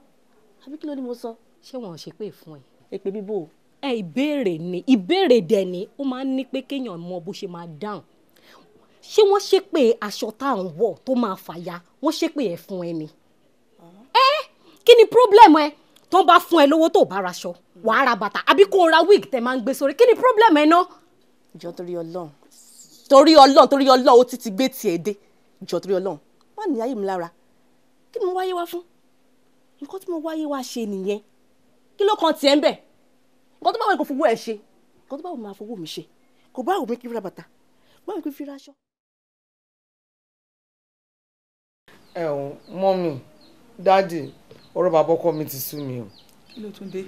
àbí kí ló ní mo sọ. ṣé wọn ò ṣe pé fún ẹ. èpè bíbò. ẹ ìbéèrè ni ìbéèrè dẹ̀ ni ó máa ń ní pé kéèyàn mọ bó ṣe máa dáhùn ṣé wọ́n ṣe pé aṣọ tá à ń wọ̀ tó máa fàya wọ́n ṣe pé ẹ̀ fún ẹ ni. ẹ kí ni problem ẹ tó ń bá fún ẹ lówó tó bá raṣọ wàá ra bàtà àbí kó o ra wig tẹ máa ń gbé sórí kí ni problem ẹ náà. jọ torí Ọlọ́run torí Ọlọ́run torí Ọlọ́run ó ti ti gbé tiẹ̀ dé jọ torí Ọlọ́run má ní ayé mi lára kí ni mo wáyé wá fún nǹkan tí mo wáyé wá ṣe nìyẹn kí ló kan tiẹ̀ ń bẹ̀ nǹkan tó bá wù kó fowó ẹ̀ ṣe nǹkan tó bá wù máa fowó mi ṣe kò bá wù mí kí n ra bàtà bá wù kí n aṣọ. ẹ ò mọ́mì dáàdì ọ̀rọ̀ bàbá ọkọ mi ti sú mi o. kí ló tún dé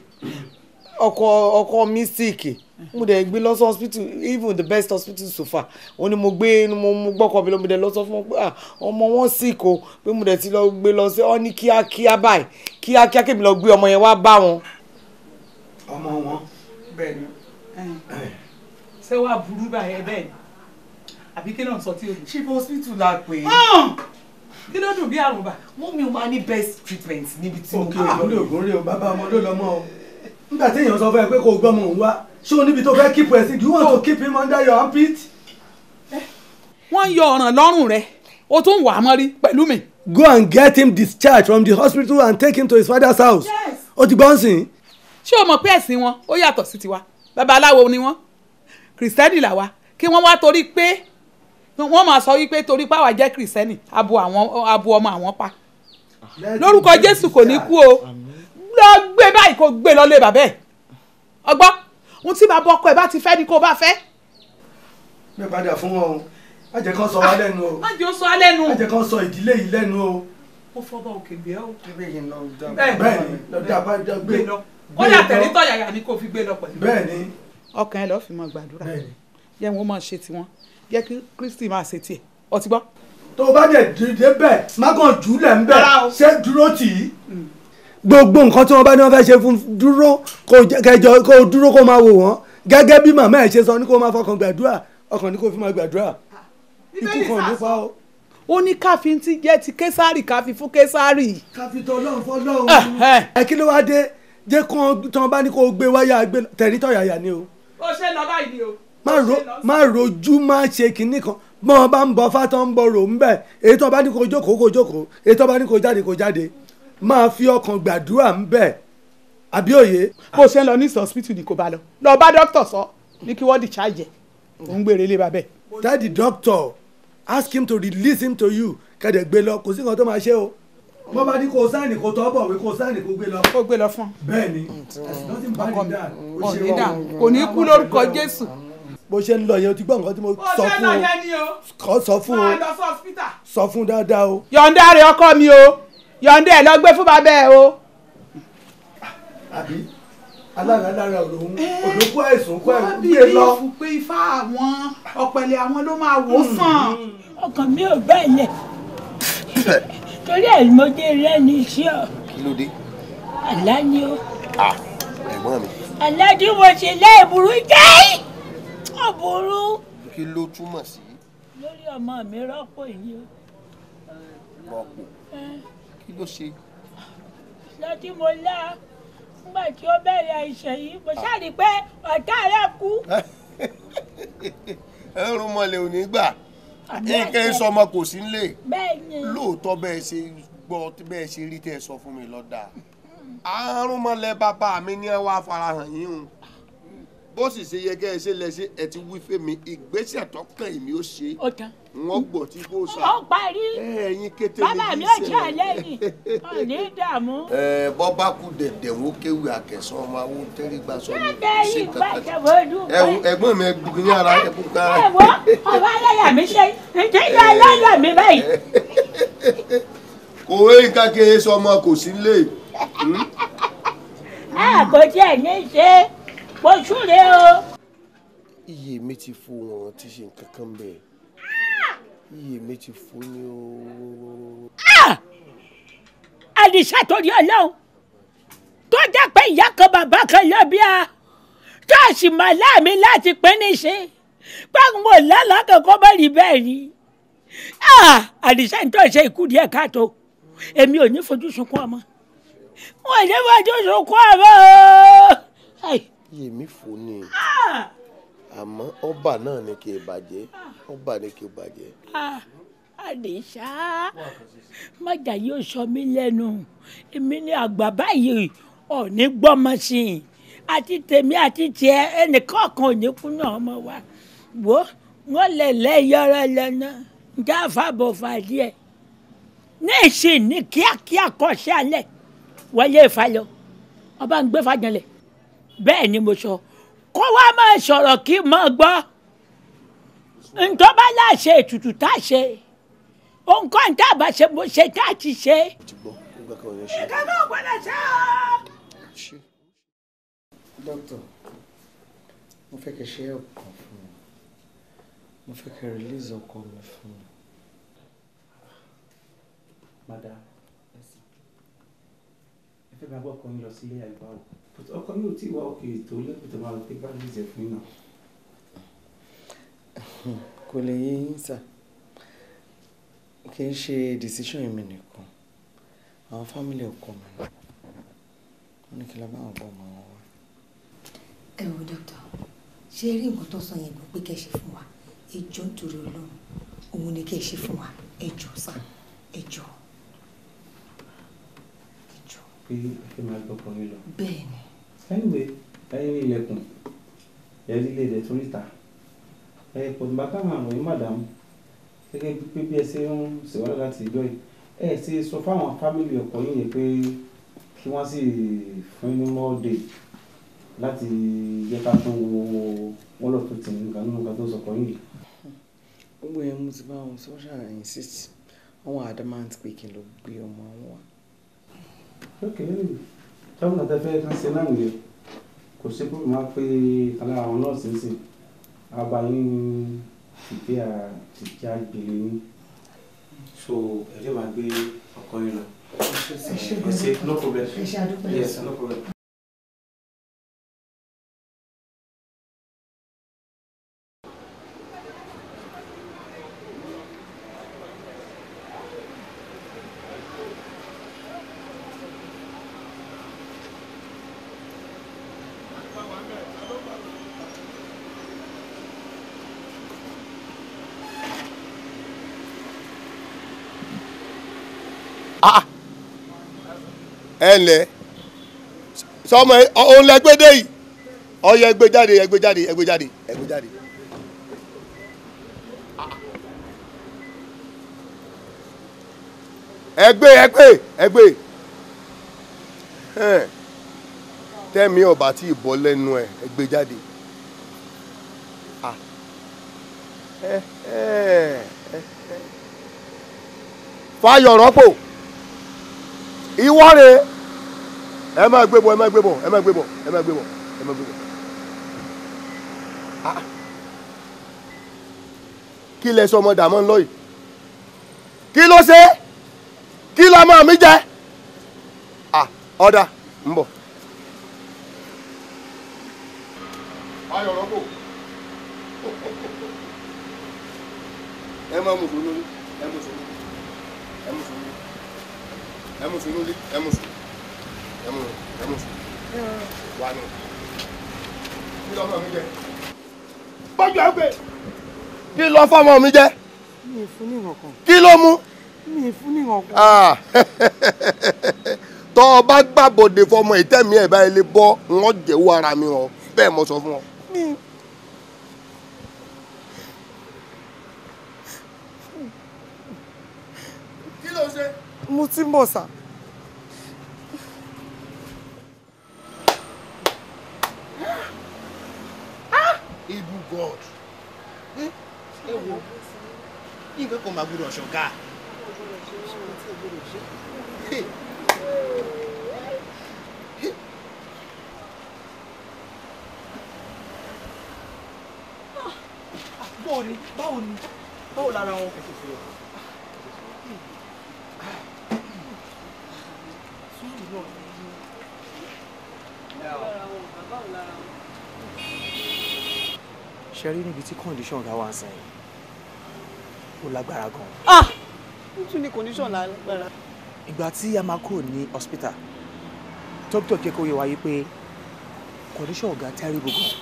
ọkọ ọkọ mi sick mo dẹ̀ gbé lọ hospital even the best hospital so far ó ní mo gbé mo mo gbọ́kọ̀ mi lọ mo dẹ̀ lọ sọ fún wọn pé ah, ọmọ wọn sick o pé mo dẹ̀ ti lọ gbé lọ sí ọ ní kíákíá báyìí kíákíá kébì lọ gbé ọmọ yẹn wá bá wọn. ọmọ wọn bẹ́ẹ̀ ni ṣé wàá burú báyẹn bẹ́ẹ̀ ni àbí kí náà sọ tí o dùn. chief hospital la pè é ah! kí ló dùn bí àrùn bá. mú mi wá ní best treatment níbi tí mo kí o lọ. òkè ògùn rè o bàbá ọmọ ló lọ mọ o nígbà tí èèyàn sọ fún ẹ pé kò gbọ́n mọ̀ ń wá ṣé o níbi tó fẹ́ keep ẹ do you want to keep him under your armpit. wọ́n yọ ọ̀ràn lọ́rùn rẹ̀ o tún wà á mọ́ rí pẹ̀lú mi. go and get him discharged from the hospital and take him to his father's house. yes. o ti gbọ́n sìn. ṣé o mọ̀ pé ẹ̀sìn wọn ó yàtọ̀ sí tiwa babaláwo ni wọ́n kìrìsìtẹ́nì làwa kí wọ́n wá torí pé wọ́n máa sọ wípé torí pàwa jẹ́ kìrìsìtẹ́nì abo àwọn abo ọmọ àwọn pa lórúkọ jésù kò ní kú o lọ gbé báyìí kó gbé lọ lé bàbá ẹ̀ ọgbọ́ ohun tí bàbá ọkọ ẹ̀ bá ti fẹ́ ni kó bá fẹ́. mi ò padà fún wọn o má jẹ́ kán sọ wá lẹ́nu o má sọ wá lẹ́nu má jẹ́ sọ ìdílé yìí lẹ́nu o. ó fọba òkè gbé o. bẹ́ẹ̀ ni lọ́dà bá gbé lọ. ó dà tẹ̀lé tọ̀yàyà ni kò fi gbé lọ pẹ̀lú. bẹ́ẹ̀ ni. ọkàn ẹ lọ fi mọ gbàdúrà yẹ wọn máa ṣe tiwọn yẹ kí Kristi máa ṣe tiẹ̀ ọtí gbọ́. tó o bá dẹ̀ dé bẹ́ẹ̀ má kàn jùlẹ̀ ń bẹ̀ ṣé dúró tì í. Mm gbogbo nǹkan tí wọ́n bá ní wọ́n fẹ́ ṣe fún dúró kó dúró kó máa wò wọ́n gẹ́gẹ́ bí màmá ẹ̀ ṣe sọ ní kó máa fọkàn gbàdúrà ọkàn ní kó fi máa gbàdúrà ikú kan nípa o. ó ní káfíń tí jẹ́ ti késàrì káfí fún késàrì. káfí tó lọ́hùn fọ́ lọ́hùn. Eh, eh. ẹ kí ló wá dé jẹ́ kí wọ́n tí wọ́n bá ní kó gbé wáyà gbé tẹ̀rítọ̀yàyà ni o. ó ṣe lọ báyìí ni o. má rojú má ṣe kinní kan bọ́n bá ń bọ fátán ń bọ rò ń bẹ̀ èyí tó bá ní kó jókòó kó jókòó èyí tó bá ní kó jáde kó jáde máa fi ọkàn gbàdúrà ń bẹ̀ àbí òye. bó ṣe ń lọ ní hospital ni kò bá lọ lọ bá dókítà sọ ní kí wọ́n discharge òun gbére lé babẹ́. tell the doctor ask him to release him to you kẹ̀dẹ̀ gbé lọ kò sí nǹkan tó máa ṣe o bọ́ bá ní kó sáìnì kó tọ́ bọ̀ wí kó sáìnì kó gbé lọ. kó gbé lọ fún. bẹ́ẹ̀ni nothing bad in that o ṣe rọrùn. kò ní kú lórúkọ jésù. bó ṣe ń lọ yẹn o ti gbọ́ nǹkan tí mo sọ fún o sọ fún o sọ fún dáadáa o. yọ̀ǹda rẹ̀ ọkọ mi o yọ̀ǹda ẹ̀ lọ gbé fún bàbá ẹ o. àbí aláradára òun eh, òdòkú àìsàn kọ ẹ gbé lọ. wọ́n bí pé ifá àwọn ọ̀pẹ̀lẹ̀ àwọn ló máa wò sàn. Mm-hmm. ọkàn mi ò bẹ̀lẹ̀ torí ẹ̀ mo dé lẹ́nu iṣẹ́ ọ. kí ló dé. àlá ni ó. ẹ̀gbọ́n mi. àlá tí mo ṣe lẹ́ẹ̀bùrú jẹ́ ọ̀ burú. kí ló túmọ̀ sí. lórí ọmọ mi rọ́pò yìí o. rọ́pò. Eh kí ló ṣe. lọ tí mo lá nígbà tí ó bẹ̀rẹ̀ àìsàn yìí mo ṣáàrí pé ọ̀tá rẹ̀ kú. ẹ ń rúmọlẹ̀ ò ní gbà nǹkan ẹ sọ ọmọ kò sí nílé lóòótọ́ bẹ́ẹ̀ ṣe gbọ́ bẹ́ẹ̀ ṣe rí tẹ́ ẹ sọ fún mi lọ́dà àrùn bàbá mi ni ẹ wá farahàn yín o bó sì ṣe yẹ kẹ́ ẹ ṣe lẹ́sẹ̀ ẹ ti wí fẹ́mi ìgbésẹ̀ tó kàn èmi ó ṣe wọ́n gbọ́ tí kò sá. ó parí bàbá mi ò jẹ́ àlẹ́yìn ò ní dààmú. ẹ bọ́ bá kú dẹ̀dẹ̀ wo kéwì àkẹ́sán ọmọ awo tẹ́rí gba sọ ní ṣe kankan. ẹ̀gbọ́n mi gbin ara ẹ kú kára. ẹ wọ ọba aláya mi ṣe ǹjẹ́ ìyá aláya mi báyìí. kò wé nǹkan kí ẹ sọ ọmọ kò sí nílé. a kò tiẹ̀ ní í ṣe pojú rẹ o. iye mi ti fo wọn ti ṣe nǹkan kan bẹ́ẹ̀ iye mi ti fo ni o. àdìsá torí ọlọ́run tó jẹ́ pé ìyá kan bàbá kan lọ bí a tó a sì máa láàmì láti pé níṣe pé n ò lálàá kankan bá rí bẹ́ẹ̀ rí àdìsá ń tọ́ ṣe ikú díẹ̀ káàtó èmi ò ní fojú sunkún ọmọ wọn ò ní fojú sunkún ọmọ o yèmí fò ni ah! àmọ́ ọba náà ni kì í bàjẹ́ ọba ni kì í bàjẹ́. Ah! àdìsá májà yóò sọ mí lẹ́nu èmi ni àgbà báyìí ọ̀ní gbọ́mọ sí i àti tèmi àti tiẹ̀ ẹnìkan kan ò ní kúnà ọmọ wa wo, wọ́n lè lẹ́yọ̀rọ̀ lẹ́nu njẹ́ àfàbọ̀ fàdí ẹ̀ ní ìsìn ní kíákíá kọ́ sí alẹ̀ wọ́n ìfàlọ́ ọba ń gbé fàjọlẹ̀ bẹ́ẹ̀ ni mo sọ kó wá máa sọ̀rọ̀ kí n gbọ́ ntọ́ láṣẹ ètùtù tá a ṣe nǹkan tá a bá ṣe bó ṣe tá a ti ṣe. dókítà mo fẹ́ kẹ́ ṣe ọkàn fún mi mo fẹ́ kẹ́ release ọkọ mi fún mi. madam ẹ fẹ́ bá bọ́ ọkọ yín lọ sílé àgbà o ọkọ mi ò tí ì wá òkè tó lẹ́gbẹ̀ẹ́ tó máa gbé bandage ẹ̀ fún náà. kò lè yé yín sà kì í ṣe decision mi nìkan àwọn fámìlì ọkọ mi náà wọn ní kí lọ bá àwọn ọgbọ́n ọmọ wọn wá. ẹ wo dókítà ṣé rí nǹkan tó sọ yẹn gbọ́ pé kẹ́ ẹ ṣe fún wa ẹjọ́ nítorí ọlọ́run òun ni kẹ́ ẹ ṣe fún wa ẹjọ́ sá ẹjọ́. ẹjọ́. pé ẹ máa gbọ́kàn yín lọ. bẹ́ẹ̀ anyway ẹyin ilẹ̀kùn ẹ̀rí ilé rẹ̀ torí ta ẹ̀ pọ̀ nígbà táwọn àwọn yìí màdàmú gẹ́gẹ́ bí pé bí ẹ ṣe ń ṣèwádìí láti ìjọ yìí ẹ ṣe sọ fáwọn fámìlì ọkọ yìí yẹn pé kí wọ́n sì fún ní mọ́ọ̀dé láti yẹ ká tún wo wọ́n lọ tó tì nǹkan nínú nǹkan tó sọkọ yìí. gbogbo yẹn mo ti bá wọn social insist àwọn adamant pé kí n lọ gbé ọmọ àwọn wa. okay tọ́mùtà tẹ fẹ́ kán ṣe náà nìyẹn kò sí pé màá pé ara àwọn nọ́ọ̀sì ń sìn abayín ìgbé àtìjà ìgbèrè ni. so ẹ lè máa gbé ọkọ yín lọ. ẹ ṣe no problem. ẹ ṣe àdúpẹ́. yes no problem. ẹnlẹ sọmọ òun lẹgbẹdẹ yìí ọyọ ẹgbẹjáde ẹgbẹjáde ẹgbẹjáde ẹgbẹjáde. ẹgbẹ ẹgbẹ ẹgbẹ tẹmí ọba tí ì bọ́ lẹ́nu ẹ ẹgbẹjáde. fayọ̀ rọ́pò ìwọ́re. ẹ máa gbé bọ̀ ẹ máa gbé bọ̀ ẹ máa gbé bọ̀ ẹ máa gbé bọ̀ ẹ máa gbé bọ̀. Ah. kí lẹ sọ ọmọ dàmọ́ ńlọ yìí kí ló ṣe kí lọmọ mi jẹ ọ̀dà ah, ń bọ̀. ayọ̀ rọ́pò ẹ máa mú sùn lórí ẹ mú ẹ mú ẹ mú ẹ mú ẹmu ẹmu sùn kí lọ fọmọ mi jẹ. kí ló mú. tọ́ bá gbàbọ̀dé fọmọ ìtẹ́mi ẹ̀ báyìí lè bọ́ wọ́n jẹ́wọ́ ara mi o bẹ́ẹ̀ mo sọ fún ọ. kí ló ṣe. mo ti ń bọ̀ sá. able God hmm? ẹ wo nǹkan kan máa gbúdọ̀ ṣọ̀gá báwo ni báwo ni báwo lára wọn kẹsẹ̀ sí ọ. sùúrù náà ni. báwo lára wọn wọn ṣe rí níbi tí condition ọ̀gá wa ń sìn ó lágbára gan. ah nítorí ni condition lágbára. ìgbà tí a máa kúrò ní hospital doctor jẹ́ kó yé wa yí pé condition ọ̀gá terrible gan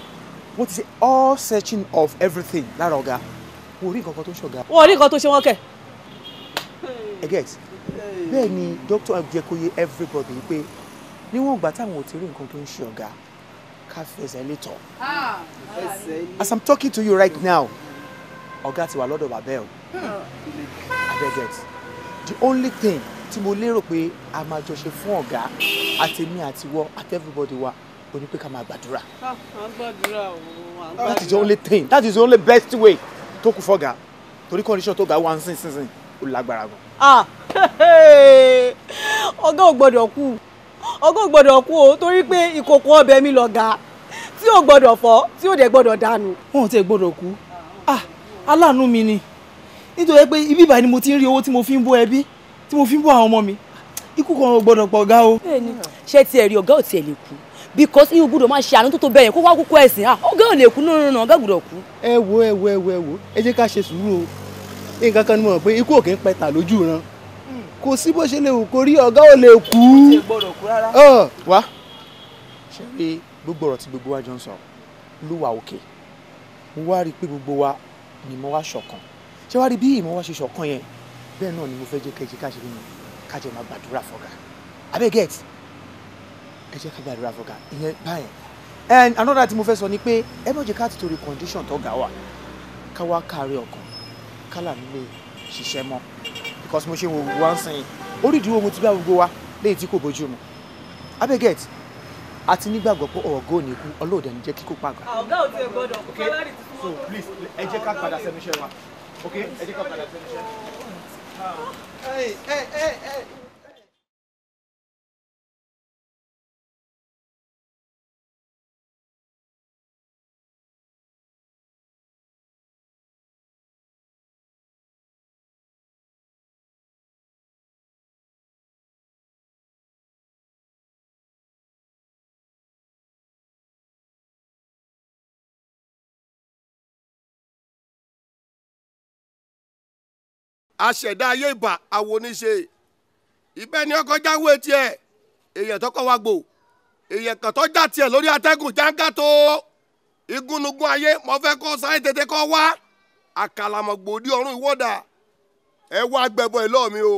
wọ́n ti ṣe all searching of everything lára ọ̀gá wọ́n rí nǹkan kan tó ṣe ọ̀gá. wọ́n rí nǹkan tó ṣe wọ́n kẹ̀. ẹ get bẹ́ẹ̀ ni doctor jẹ́ kó yé everybody pé níwọ̀n ìgbà táwọn ò ti rí nǹkan tó ń ṣe ọ̀gá Ah. As I'm talking to you right now, ọ̀gá ti wà lọ́dọ̀ Babel. Abeget. Hmm. The only thing tí mo lérò pé Joseph máa jọ ṣe at ọ̀gá àtèmi everybody wa o ní pé ká máa ah, gbàdúrà. That is the only thing, that is the only best way tó kù fọ́gà torí condition tó ga wá ń sìn sìn sìn ó lágbára gan. Ah, ọ̀gá ò gbọ́dọ̀ ọgọ́ gbọ́dọ̀ kú o torí pé ìkòkò ọbẹ̀ mi lọ̀gá tí ò gbọ́dọ̀ fọ́ tí ò dẹ̀ gbọ́dọ̀ dànù. wọn ò tẹ gbọ́dọ̀ kú ah aláàánú mi ni nítorí pé ibi ìbàdí mo ti ń rí owó tí mo fi ń bọ́ ẹbí tí mo fi ń bọ́ àwọn ọmọ mi ikú kan ò gbọ́dọ̀ pọ̀ ọ̀gá o. ṣé tiẹ̀ rí ọ̀gá ò tiẹ̀ lè kú because ihò gbọ́dọ̀ máa ṣe àánú tó tó bẹ̀yẹn kó wá kókó ẹ̀sìn ah ọ̀gá ò lè kú nínú ọ̀gá gbọ́dọ̀ kú. ẹ wo ẹ wo ẹ wo ẹ jẹ́ ká ṣe sùúrù o nǹkan kan ni mo mọ̀ pé ikú òkè ń pẹ̀ta lójú ran kò sí bó ṣe lè wù kó rí ọ̀gá ò lè kú. ó ti gbọ́dọ̀ kú rárá. wá ṣe pé gbogbo ọ̀rọ̀ tí gbogbo wa jọ ń sọ ló wà òkè mo wá rí i pé gbogbo wa ni mo wá ṣọ̀kan ṣé wá rí bí ìmọ̀ wá ṣe ṣọ̀kan yẹn bẹ́ẹ̀ náà ni mo fẹ́ jẹ́ kẹ́jẹ́ ká ṣe nínú ká jẹ́ máa gbàdúrà fọ́gà abẹ́ get ẹ jẹ́ ká gbàdúrà fọ́gà ìyẹn báyẹn and another thing mo fẹ́ sọ ni pé ẹ má jẹ́ ká ti torí condition tó ga wa ká wá kárí ọkàn ká là nílé ṣiṣẹ́ mọ́ cause mo ṣe wo wá ń sìn orí ìdúró mo ti bá gbogbo wa léyìí tí kò bójú mu abeget àti nígbàgbọ́ pé ọ̀gá ò ní kú ọlọ́ọ̀dẹ ní jẹ́ kíkó pàgbà. Ah, ọ̀gá ò tiẹ̀ gbọ́dọ̀ kọ́lárì ti fún wọn. so please ẹ jẹ́ ká padà sẹ́nu iṣẹ́ wa ok ẹ jẹ́ ká padà sẹ́nu iṣẹ́. aṣẹ̀dá ayé ìbà àwọn oníṣe ìbẹ́ ni ọkọ̀ jáwé tiẹ̀ èèyàn tọkọ wa gbò èèyàn kan tó já tiẹ̀ lórí atẹ́gùn jáńgá tó igúnnugún ayé mo fẹ́ kọ́ sáré tètè kọ́ wá àkàlàmọ̀gbò dí ọ̀run ìwọ́dà ẹ wá gbẹ̀bọ̀ ìlọ́ mi o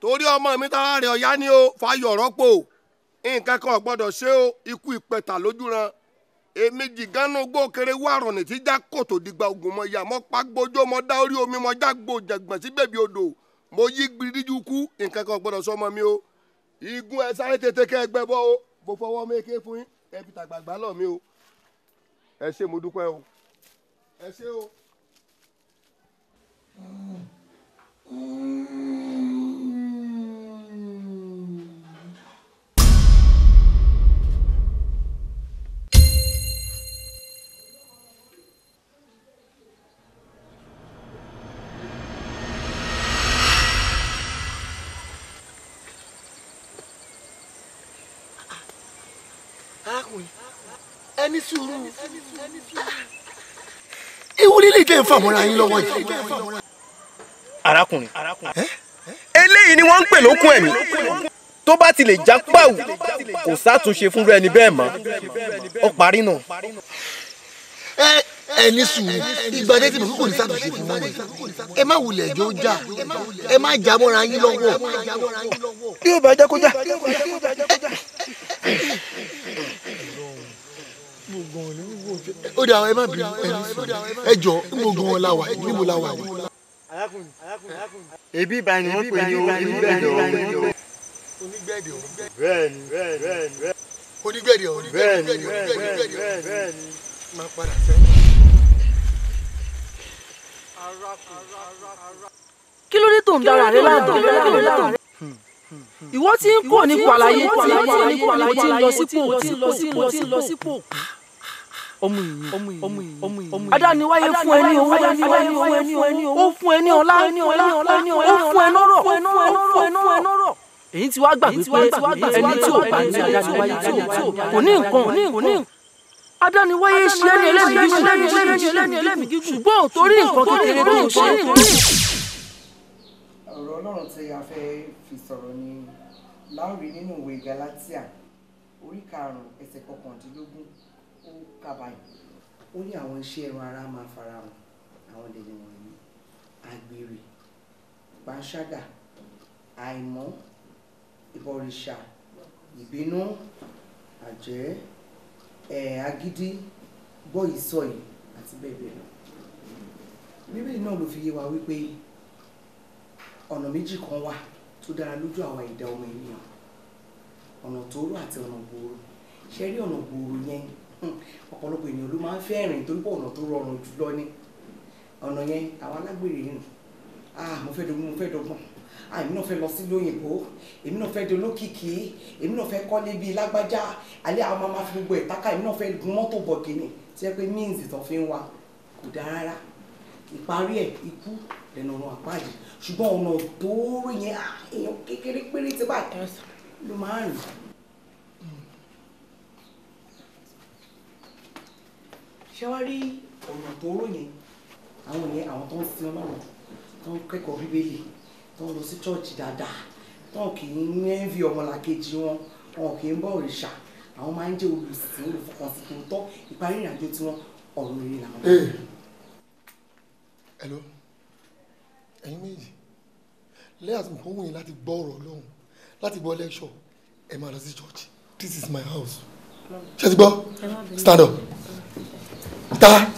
torí ọmọ mi tára rẹ̀ ọ̀yá ni o fàyọ̀ rọ́pò nǹkan kan ò ṣe o ikú ìpẹ̀tà lójúran èméjì gánà ogbó kéré wàrọ̀ ní tíjà kòtò dìgbà ogun mọ ìyá mọ pàgbójó mọ dá orí omi mọ jágbó jàgbọ̀n sí bèbí odò mo yí gbìdíjú kú nǹkan kan gbọdọ̀ sọ ọmọ mi o igun ẹ e sáré tètè kẹ ẹgbẹ bọ o mo fọwọ́ méke fún yín ẹ e fi tàgbàgbà lọ mi o ẹ e ṣé mo dúpẹ́ o ẹ ṣé o. ní sùúrù ewu lílé ìgbẹ́ ìfàmọ́ra yín lọ́wọ́ yìí. arákùnrin eléyìí ni wọ́n ń pè lókun ẹ̀mí tó bá ti lè já pàwù kò sátúnṣe fúnra ẹni bẹ́ẹ̀ mọ́ ọ parí nù. ẹ ní sùúrù ìgbà dé tí mo kò ní sátúnṣe fún wọn ẹ má wulẹ̀ jó já ẹ má já mọ́ra yín lọ́wọ́. bí bá jẹ́ kó já ó dà ẹ má bí ẹ jọ níbo gan la wà níbo la wà. ebi ìbànú wọn pè ní onígbẹ̀dẹ̀ ọ̀hún. onígbẹ̀dẹ̀ ọ̀hún. bẹ́ẹ̀ni bẹ́ẹ̀ni bẹ́ẹ̀ni. onígbẹ̀dẹ̀ ọ̀hún. bẹ́ẹ̀ni bẹ́ẹ̀ni bẹ́ẹ̀ni. máa padà sẹ́yìn. kí ló dé tó ń dára rẹ ládàá ìwọ tí ń kó nípa àlàyé tí ń lọ sípò tí ń lọ sípò tí ń lọ sípò ọmọ yìí ọmọ yìí ọmọ yìí ọmọ yìí. adáni wáyé fún ẹ ní owó ó fún ẹ ní ọlá ó fún ẹ lọ́rọ̀ ó fún ẹ lọ́rọ̀ èyí tí wàá gbàgbé pé ẹni tí ò bá ní adáni wáyé kò ní nǹkan kò ní nǹkan adáni wáyé ṣe ẹni ẹlẹ́mìí gígùn ṣùgbọ́n ò torí nǹkan kékeré tó ń ṣe. ọ̀rọ̀ ọlọ́run tí a fẹ́ fi sọ̀rọ̀ ni láòrí nínú ìwé Gálátíà orí karùn-ún ẹsẹ̀ kọkàndínlógún kaba yìí ó ní àwọn iṣẹ́ ẹran ara máa fara hàn àwọn ìdènà wọ̀nyí àgbèrè panṣágà àìmọ́ ìbọ̀rìṣà ìbínú àjẹ́ ẹ̀ agídí gbọ́ ìsọ̀yì àti bẹ́ẹ̀ bẹ́ẹ̀ lọ. bíbélì náà ló fi yé wa wípé ọ̀nà méjì kan wà tó dára lójú àwọn ẹ̀dá ọmọ ènìyàn ọ̀nà tóóró àti ọ̀nà gbòòrò ṣe rí ọ̀nà gbòòrò yẹn Hmm. ọ̀pọ̀lọpọ̀ ènìyàn ló máa ń fẹ́ rìn torí pé ọ̀nà tó rọrùn jùlọ ni ọ̀nà yẹn àwọn alágbèrè nù ah mo fẹ́ dogun mo fẹ́ dogun ah èmi náà fẹ́ lọ sí lóyìnbó èmi náà fẹ́ di olókìkí èmi náà fẹ́ kọ́lé bíi lágbájá alẹ́ àwọn máa ma fi gbogbo ẹ̀ táká èmi náà fẹ́ gun mọ́tò bọ̀ kìíní tí ẹ pé means tó fi ń wa kò dáa rárá ìparí ẹ̀ ikú lẹ́nu ọ̀run àpáàdé ṣùgbọ́n ọ̀nà tóóró yẹn ah, èèyàn kékeré péré ti bàjẹ́ ló máa ń rìn. ṣàwárí ọ̀nà tó yẹn àwọn yẹn àwọn tó ń sin ọlọ́run tó ń kẹ́kọ̀ọ́ bíbélì tó ń lọ sí chọ́ọ̀chì dáadáa tó ń kì í ní ẹ́ńvì ọmọlàkejì wọn wọn kì í bọ̀ òrìṣà àwọn máa ń jẹ́ olùsìn olùfọkànsìn tó tọ́ ìparí ìrìnàjò tiwọn ọ̀rọ̀ rere làwọn. Eh, hello ẹ̀yin méjì lẹ́yìn àti mọ̀kàn wọ̀nyí láti gbọ́ ọ̀rọ̀ ọlọ́run láti gbọ́ lẹ́ṣọ̀ ẹ̀ máa lọ sí chọ́ọ̀chì this is my house ṣé ti gbọ́ stand up ta.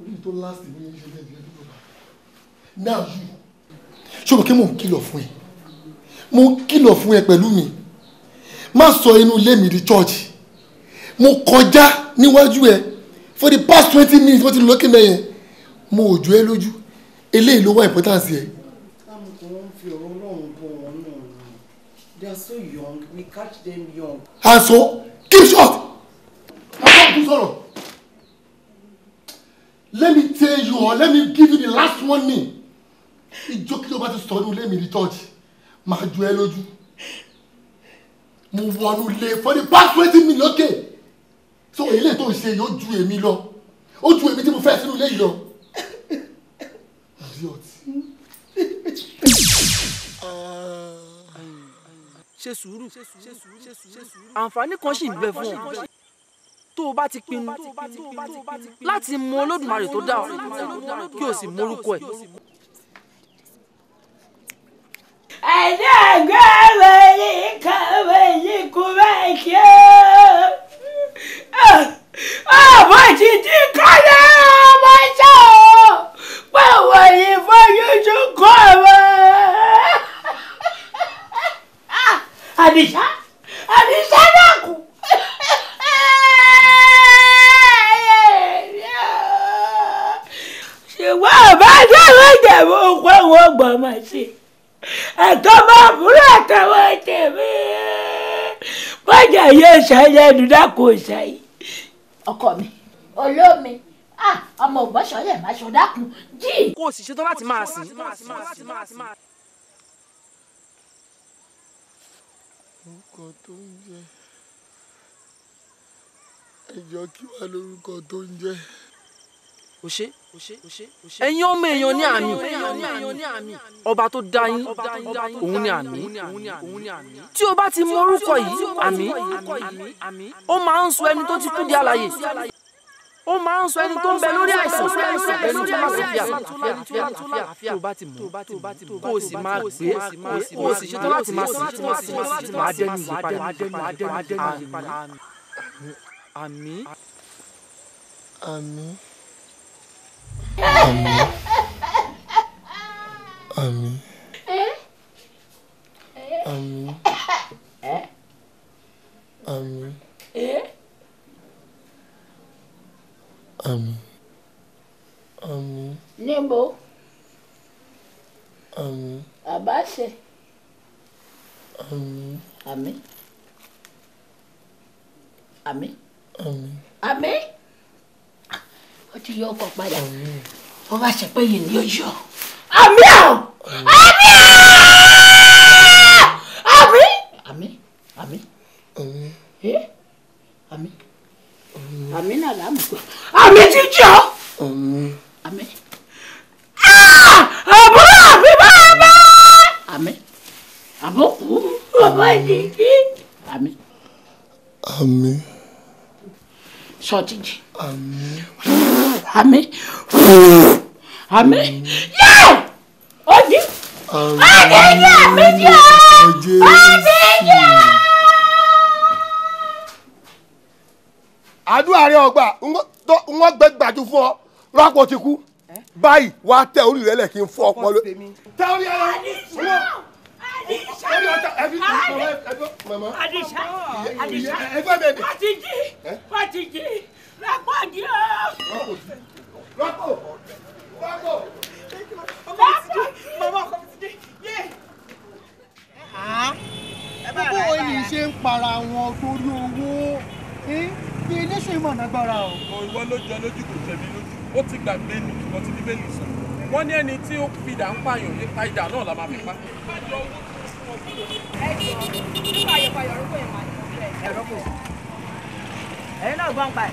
orí tó láti ní ṣe jẹ́ ìdílé tó bá náà yù ṣé o mọ̀ kí mò ń kìlọ̀ fún ẹ mo ń kìlọ̀ fún ẹ pẹ̀lú mi má sọ inú ilé mi di church mo kọjá níwájú ẹ for the past twenty minutes wọ́n ti lọ́kì mẹ́yẹn mo ò jó ẹ lójú eléyìí ló wá importance ẹ. They are so young. We catch them young. And so, keep short. Let me tell you, or let me give you the last warning. Ìjókòó bá ti sọnù lẹ́mi ní tọ́jú, máa ju ẹ lójú. Mo wọnú lé for the past twenty minutes lókè. So he let us say you do a lọ. Ó ju èmi tí mo fẹ́ sínú ilé yìí lọ. Idiot. Uh ṣe sùúrù àǹfààní kan sì ń bẹ fún ọ tó o bá ti pinnu láti mọ olódùmarè tó dá ọ kí o sì mọrúkọ ẹ. ẹ̀dá àgbà wẹ̀yí kan wẹ̀yí kú bẹ́ẹ̀ ah, ah, ó ọmọ títí kọ́lá ọmọ ṣáà pé wọ́n yìí fọ́ yójú kọ́ ọmọ. àdìsá àdìsá náà kù. ṣùgbọ́n ọba dáhùn ìjẹ̀bú òkú àwọn ọgbọ̀n máa ṣe ẹ̀tọ́ máa búrò àtàwọn ẹ̀jẹ̀ mi. bọ́jà yóò ṣàyẹ̀ ẹ̀dúdà kò ṣàyẹ̀. ọkọ mi olómi ah, ọmọ ògbọ́sọ̀ọ́yẹ̀ máa ṣọ̀dákun jí. kó o sì ṣetán láti máa sìn. lórúkọ tó ń jẹ́? Ẹ jọ kí wá lórúkọ tó ń jẹ́? Òṣé ẹ̀yin ọmọ èèyàn ní àmì ọba tó dá yín òun ní àmì tí o bá ti mọ orúkọ yìí àmì ó máa ń sọ ẹni tó ti kú di alààyè ó máa ń sọ ẹni tó ń bẹ lórí àìsàn lórí àìsàn pẹ̀lú kí wọ́n sì tó bá ti mọ̀ kó o sì máa gbé kó o sì ṣetán láti máa sì máa dẹ́nu ìyípadà àmín. àmín. àmín. àmín. padà bó bá ṣe pé yìí ni ó yọ àmì ọ àmì àmì àmì àmì àmì àmì náà là ń gbọ́ àmì jíjọ àmì àbúrò àmì bàbá àmì àbókù bàbá mm-hmm. ìdíjí àmì. àmì. sọ́ọ̀tì jì. àmì yẹ ọdí ọdí yẹ mi jẹ ọdí yẹ. àdúrà rẹ ọgbà wọn gbẹ gbàdú fún ọ rọpò ti kú báyìí wàá tẹ orí rẹ lẹ kí n fọ ọpọlọ. tẹ orí ẹ lọ adisa adisa patiji patiji lakodi o gbogbo oyè ṣe ń para wọn torí owó bí iléeṣẹ́ ìmọ̀ nágbára o. ìwọ ló jọ lójú kò tẹ̀mí lójú ó ti gbàgbé ní ìwọ ti bíbélì sọ wọ́n ní ẹni tí ó fi ìdá ń pààyàn nípa ìdá náà la máa fi pa. ẹ̀yin náà gbọ́n pa ẹ̀.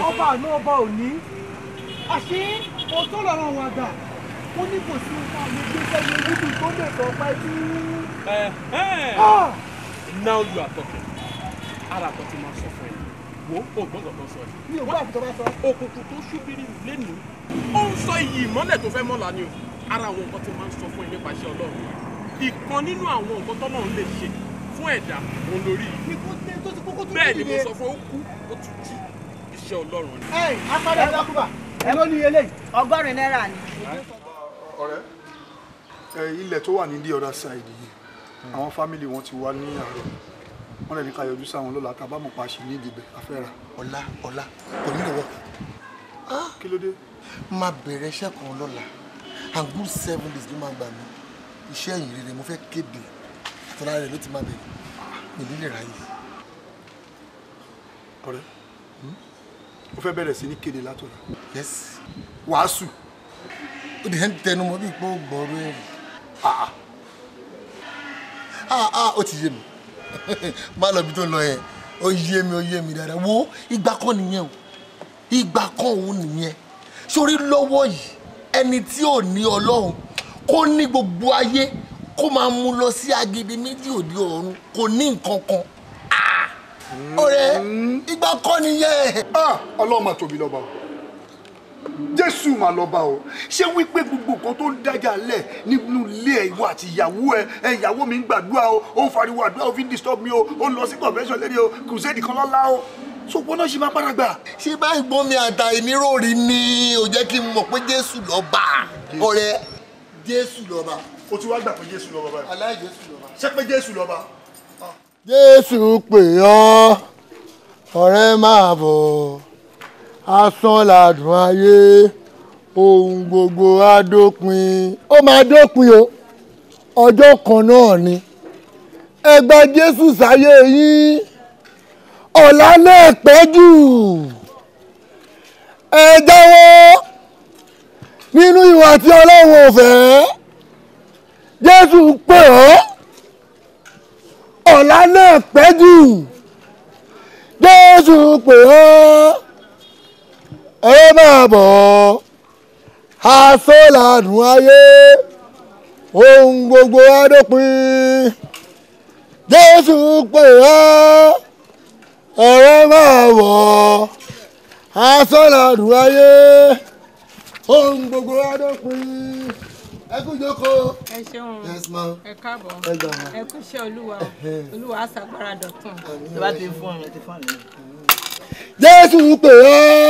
ọba àná ọba òní àṣé òótọ́ lọ́rọ̀ wọn àgbà ó ní kò sí ọba àná tó sẹ́yìn níbi tó lè sọ pé tí. Ah! now you are talking ara kan ti máa sọ fún ẹ wo ògbọ́n kan tó sọ yìí. mi ò gbọ́ àbùtọ́ bá sọ. òkùnkùn tó ṣubiri lẹ́nu ó ń sọ iyì ìmọ́lẹ̀ tó fẹ́ mọ́lá ni o ara àwọn nǹkan tí máa ń sọ fún ẹ nípa iṣẹ́ ọlọ́run ìkan nínú àwọn nǹkan tọ́lọ́ ń lè ṣe fún ẹ̀dá òun lórí yìí. bẹ́ẹ̀ ni mo sọ fún ó kú ó tún jí iṣẹ́ ọlọ́run ni. ẹ apádà dákúbà ẹ ló ní eléyìí. ọgọ́rin náírà ni. ọ̀rẹ́ ilẹ̀ tó wà ní the other side yìí àwọn fámìlì wọn ti wá ní àárọ̀ wọn lè ní ká yọjú sáwọn lọ́la tá a bá mọ̀ pa ṣì ní ìdìbẹ̀ afẹ́ra. ọ̀la ọ̀la kò ní lọ́wọ́. kí ló dé. máa bẹ̀rẹ̀ iṣẹ́ kan lọ́la and good seven days ló máa gbà mí iṣẹ́ ìyìn rere mo fẹ́ kéde àtọ́lá rẹ̀ ló ti máa bẹ̀rẹ̀ mi nílẹ̀ ráyè. ọ̀rẹ́ o fẹ́ bẹ̀rẹ̀ sí ní kéde látọ̀la. yes. wàásù. ó dẹ̀ ń tẹnu mọ́ bí pé ó gbọ́rú ẹ̀. àà àà ó ti yé mi má lọ bí tó lọ yẹn ó yé mi ó yé mi dáadáa wo ìgbà kan nìyẹn o ìgbà kan òun nìyẹn sórí lọ́wọ́ yìí ẹni tí ò ní ọlọ́run kó ní gbogbo ayé kó máa mú lọ sí agídí méjì òde ọ̀run kò ní nǹkan kan ọ̀rẹ́ ìgbà kọ́ nìyẹn. Ah, ọlọ́run máa tóbi lọ́ba o jésù mà lọ́ba o ṣé wípé gbogbo nǹkan tó ń dájà lẹ̀ nínú ilé ẹ̀ ìwọ àti ìyàwó ẹ̀ ẹ̀ ìyàwó mi ń gbàdúrà o ó ń fariwo àdúrà ó fi ń disturb mi o ó ń lọ sí convention lẹ́ni o crusade kan lọ́la o sọpọ náà ṣe máa padà gbà. ṣé báyìí gbọ́n mi àtà ìníròrí ni ò jẹ́ kí n mọ̀ pé jésù lọ́ba ọ̀rẹ́ jésù lọ́ba. o ti wá gbà pé jésù lọ́ba báyìí. aláì jésù lọ́ba. ṣé pé jésù lọ́ba jésù pè ọ́ ọ̀rẹ́ máa bọ̀ asán làdùn ayé ohun gbogbo á dópin ó máa dópin o ọjọ́ kan náà ni ẹ gba jésù sáyé yín ọ̀la náà pẹ́ jù ẹ jáwọ́ nínú ìwà tí ọlọ́run ò fẹ́ jésù pè ọ́ ọ̀la náà pẹ́ jù jésù pè ọ́ ẹ máa bọ̀ asọ́lànù ayé ohun gbogbo adópin jésù pè ọ́ ẹ máa bọ̀ asọ́lànù ayé ohun gbogbo adópin ẹ kú jókòó. ẹ ṣeun yes ma ẹ káàbọ̀ ẹ kú iṣẹ́ olúwa olúwa àṣàgbára dọ̀tún. tó bá ti fún ọ̀run ti fún ọ̀run. jésù ń pè ọ́.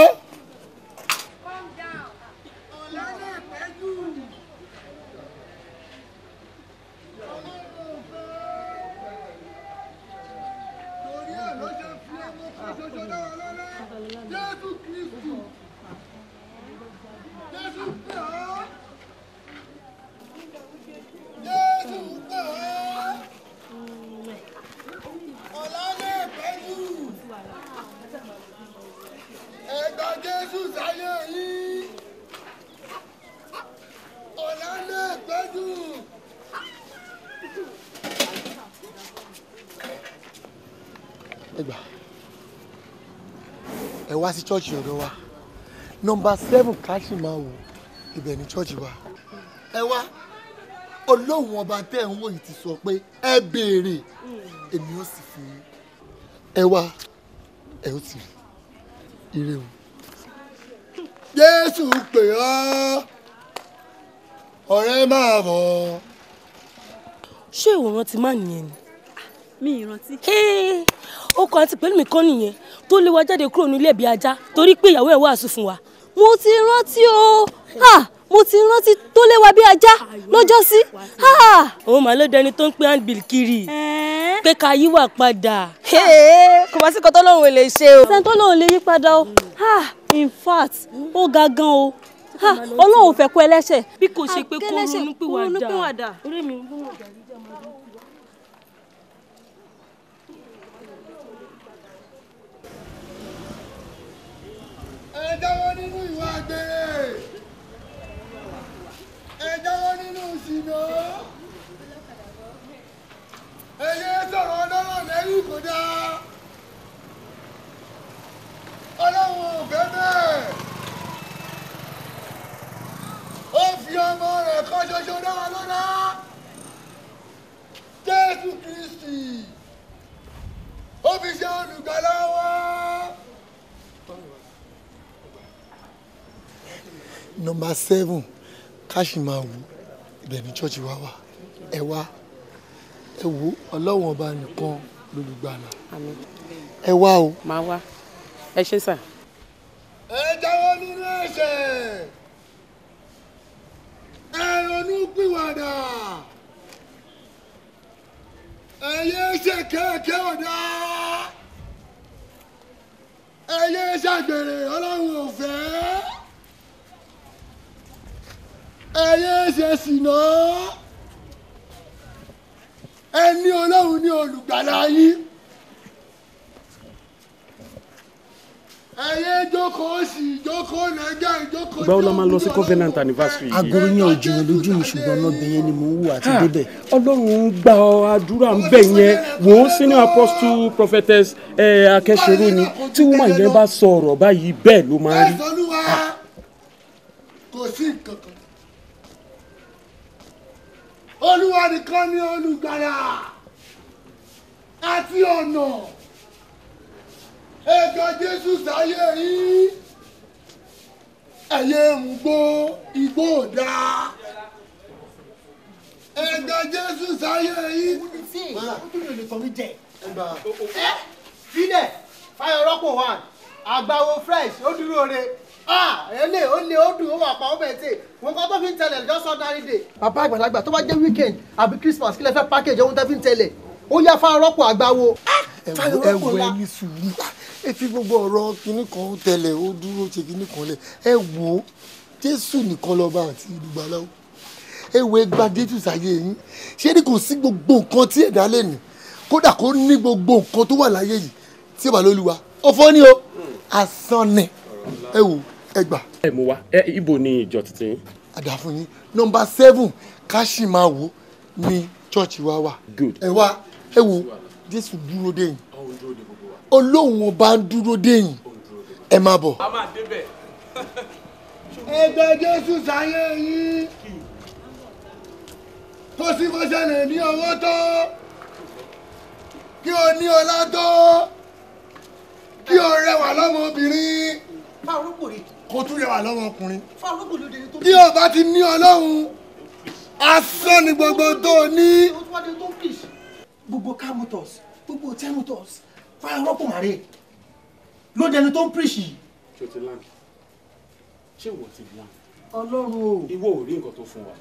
ẹ wá sí church ọ̀dọ̀ wa nọmba seven káṣí máa wò ibẹ̀ ní church wa. ẹ wá olóhùn ọba tẹ́ ń wò ti sọ pé ẹ béèrè èmi ó sì fún yín ẹ wá ẹ ó sì ire o. jésù pè ọ́ ọ̀rẹ́ máa bọ̀. ṣé ìwòran ti máa nìyẹn ni. Ah, mi ìrántí. ó kọ àti pẹ̀lú mi kọ́ nìyẹn tó lé wa jáde kúrò nílé ẹ̀bí ajá torí pé ìyàwó ẹ̀ wàásù fún wa. mo ti rántí o mo ti rántí tó lé wa bí ajá lọ́jọ́sí. òun mà ló dẹni tó ń pín handbill kiri pé ká yíwà padà. kò bá sí kan tó lóun lè ṣe o. sẹ́ni lóun lè yí padà o in fact ó ga gan o ọlọ́run ò fẹ́ kó ẹlẹ́ṣẹ̀. bí kò ṣe pé kó ronú pìwàdà. ẹ jáwọ́ nínú ìwà àgbèrè ẹ jáwọ́ nínú ìṣìnà ẹ yé sọ̀rọ̀ ọlọ́rọ̀ lẹ́yìn kò dáa ọlọ́run ò fẹ́ bẹ́ẹ̀ ó fi ọmọ rẹ̀ kan ṣoṣo náà lọ́nà Jésù Kristi ó fi ṣe olùgbàlà wa. Number seven káṣí máa wù ibẹ̀ ní chọ́ọ̀chì wa wà ẹ wá ẹ wo ọlọ́wọ́n ọba nìkan lólùgbàlà ẹ wá o. màá wá ẹ ṣe sà. ẹ jáwọ́ nínú ẹ̀ṣẹ̀ ẹ ronú pìwàdà ẹ yé ṣe kéèké ọ̀dà ẹ yé ṣàgbèrè ọlọ́run ò fẹ́ ẹyẹ ṣe ṣìnà ẹni ọlọ́run ní olùgbàlà yín ẹyẹ jókòó sí jókòó nàjà jókòó. ìgbà wo la máa lọ sí covenant anniversary yìí. agolo yẹn ò jìnnà lójú mi ṣùgbọ́n ọlọ́bẹ yẹn ni mo ń wù àti ah. débẹ̀. ọlọ́run gba àdúrà ń bẹ̀ yẹn wò ó sínú apostle prophetess eh, akẹ́ṣerú ni tí wọ́n yẹn bá sọ ọ̀rọ̀ báyìí bẹ́ẹ̀ ló máa rí. Ah. kò sí nǹkan kan olúwa nìkan ni olùgbàlà àti ọ̀nà ẹ̀ka jésù sáyé yìí ẹ̀yẹ mùgbó igbó ọ̀dà ẹ̀ka jésù sáyé yìí. ẹ sílẹ̀ fáyọ̀ rọ́pò one àgbàwo fresh ó dúró re ele ó le ó dùn ó wà pa ó bẹ̀ tè wọn kọ́ tó fi ń tẹ̀lẹ̀ just ordinary day. bàbá àgbàlagbà tó bá jẹ́ weekend àbí christmas kí lè fẹ́ package ohun tẹ́ fi ń tẹ̀lẹ̀ ó yá fáwọn rọ́pò àgbáwo. ẹwọ ẹwọ ẹni sùúrù ẹ fi gbogbo ọ̀rọ̀ kinní kan tele. ó dúró ṣe kinní kan lẹ̀ ẹ wo jésù nìkan lọ́ba àti olùgbàlàwọ̀ ẹ wo ẹgbà jésù sáyé yín ṣé ni kò sí gbogbo nǹkan tí ẹ̀dá lè ní kódà kó ní gbogbo nǹkan tó wà láyé yìí tí ìbàlóluwa ọ̀fọ̀ ni o hmm. asán ni ẹ wò ó ẹ gbà. ẹ mú wa ẹ ibo ni ìjọ tuntun. àdàfún yín nọmba seven káṣímáwo ni chọ́ọ̀chì wa wà. good ẹ wá ẹ wo jésù dúró dé yín olóhùn ọba ń dúró dé yín ẹ máa bọ̀. a máa débẹ̀. ẹgbẹ́ jésù sáyé yín tó sì kó ṣẹlẹ̀ ní ọwọ́ tó kí o ní ọlá tó kí o rẹwà lọ́mọbìnrin. báwo kò tún rẹwà lọ́wọ́ ọkùnrin. bí o bá ti ní ọlọ́run asán ni gbogbo tó ní. gbogbo car motors gbogbo hotel motors fáwọn rọ́pò màrè ló dẹni tó ń preach ọlọ́run o. ìwọ ò rí nǹkan tó fún wa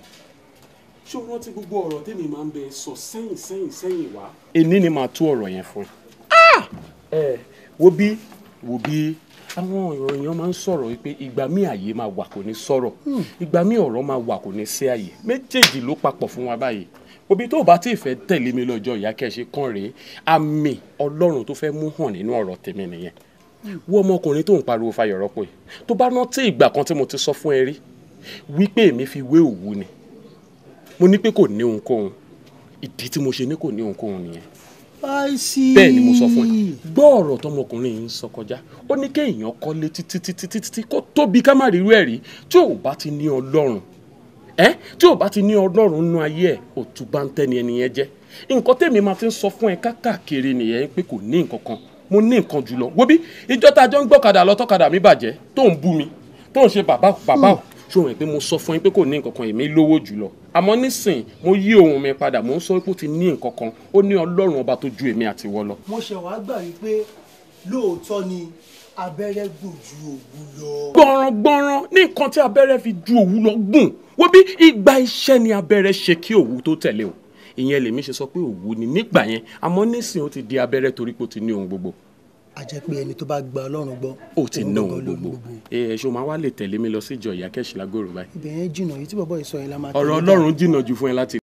ṣé o rántí gbogbo ọ̀rọ̀ tèmi máa ń bẹ sọ sẹ́yìn sẹ́yìn sẹ́yìn wá. èní ni màá tú ọ̀rọ̀ yẹn fún. ẹ ah! wo bí wo bí àwọn ìròyìn yẹn máa ń sọ̀rọ̀ wípé ìgbà mí àyè máa wà kò ní sọ̀rọ̀ hmm. ìgbà mí ọ̀rọ̀ máa wà kò ní sí àyè méjèèjì ló papọ̀ fún wa báyìí òbí tó bá tí ì fẹ́ tẹ̀lé mi lọ́jọ́ ìyá kẹ́sì kan rèé àmì ọlọ́run tó fẹ́ mú hàn nínú ọ̀rọ̀ tèmi nìyẹn hmm. wo ọmọkùnrin tó ń pariwo Fayọ̀rọ́pọ̀ yìí tó bá rántí ìgbà kan tí mo ti sọ fún ẹ rí wípé èmi fi wé òwú ni mo ní pé kò ní ohunkóhun ìdí tí mo ṣe ní kò ní ohunkóhun nìyẹn bẹ́ẹ̀ ni mo sọ fún ẹ gbọ́ ọ̀rọ̀ tọmọkùnrin yìí ń sọ kọjá ó ní kéèyàn kọ́lé títí títí títí kó tóbi ká má rírú ẹ̀ rí tí ò bá ti ní ọlọ́run ẹ tí ò bá ti ní ọlọ́run nú ayé ẹ̀ ò tún bá ń tẹ́ni ẹni yẹn jẹ́ nǹkan tèmi máa ti ń sọ fún ẹ káàkiri nìyẹn pé kò ní nǹkan kan mo ní nǹkan jùlọ wo bí ìjọ tá jọ ń gbọ́kadà lọ mi bàjẹ́ tó ń bú mi tó ń ṣe bàbá bàbá hmm ṣó mọ̀ pé mo sọ fún yín pé kò ní nǹkankan èmi lówó jùlọ àmọ́ nísìn mo yí ohun mi padà mo ń sọ pé ó ti ní nǹkankan ó ní ọlọ́run ọba tó ju èmi àti wọ lọ. mo ṣe wàá gbà wípé lóòótọ́ ni abẹ́rẹ́ gùn ju òwú lọ. gbọ̀nràn gbọ̀nràn ní nǹkan tí abẹ́rẹ́ fi ju òwú lọ gùn wo bí ìgbà iṣẹ́ ni abẹ́rẹ́ ṣe kí òwú tó tẹ̀lé o ìyẹn lèmi ṣe sọ pé òwú ni nígbà yẹn àmọ́ nísìn ó ti di abẹ́rẹ́ torí pé ó ti ní ohun gbogbo a jẹ́ pé ẹni tó bá gba Ọlọ́run gbọ́. ó ti ná òun gbogbo ẹ ṣó máa wá lè tẹ̀lé mi lọ sí ìjọ ìyá kẹ́sì lágòrò báyìí. ibẹ̀ yẹn jìnnà yìí tí bàbá yìí sọ yẹn la máa. ọ̀rọ̀ Ọlọ́run jìnnà jù fún ẹ láti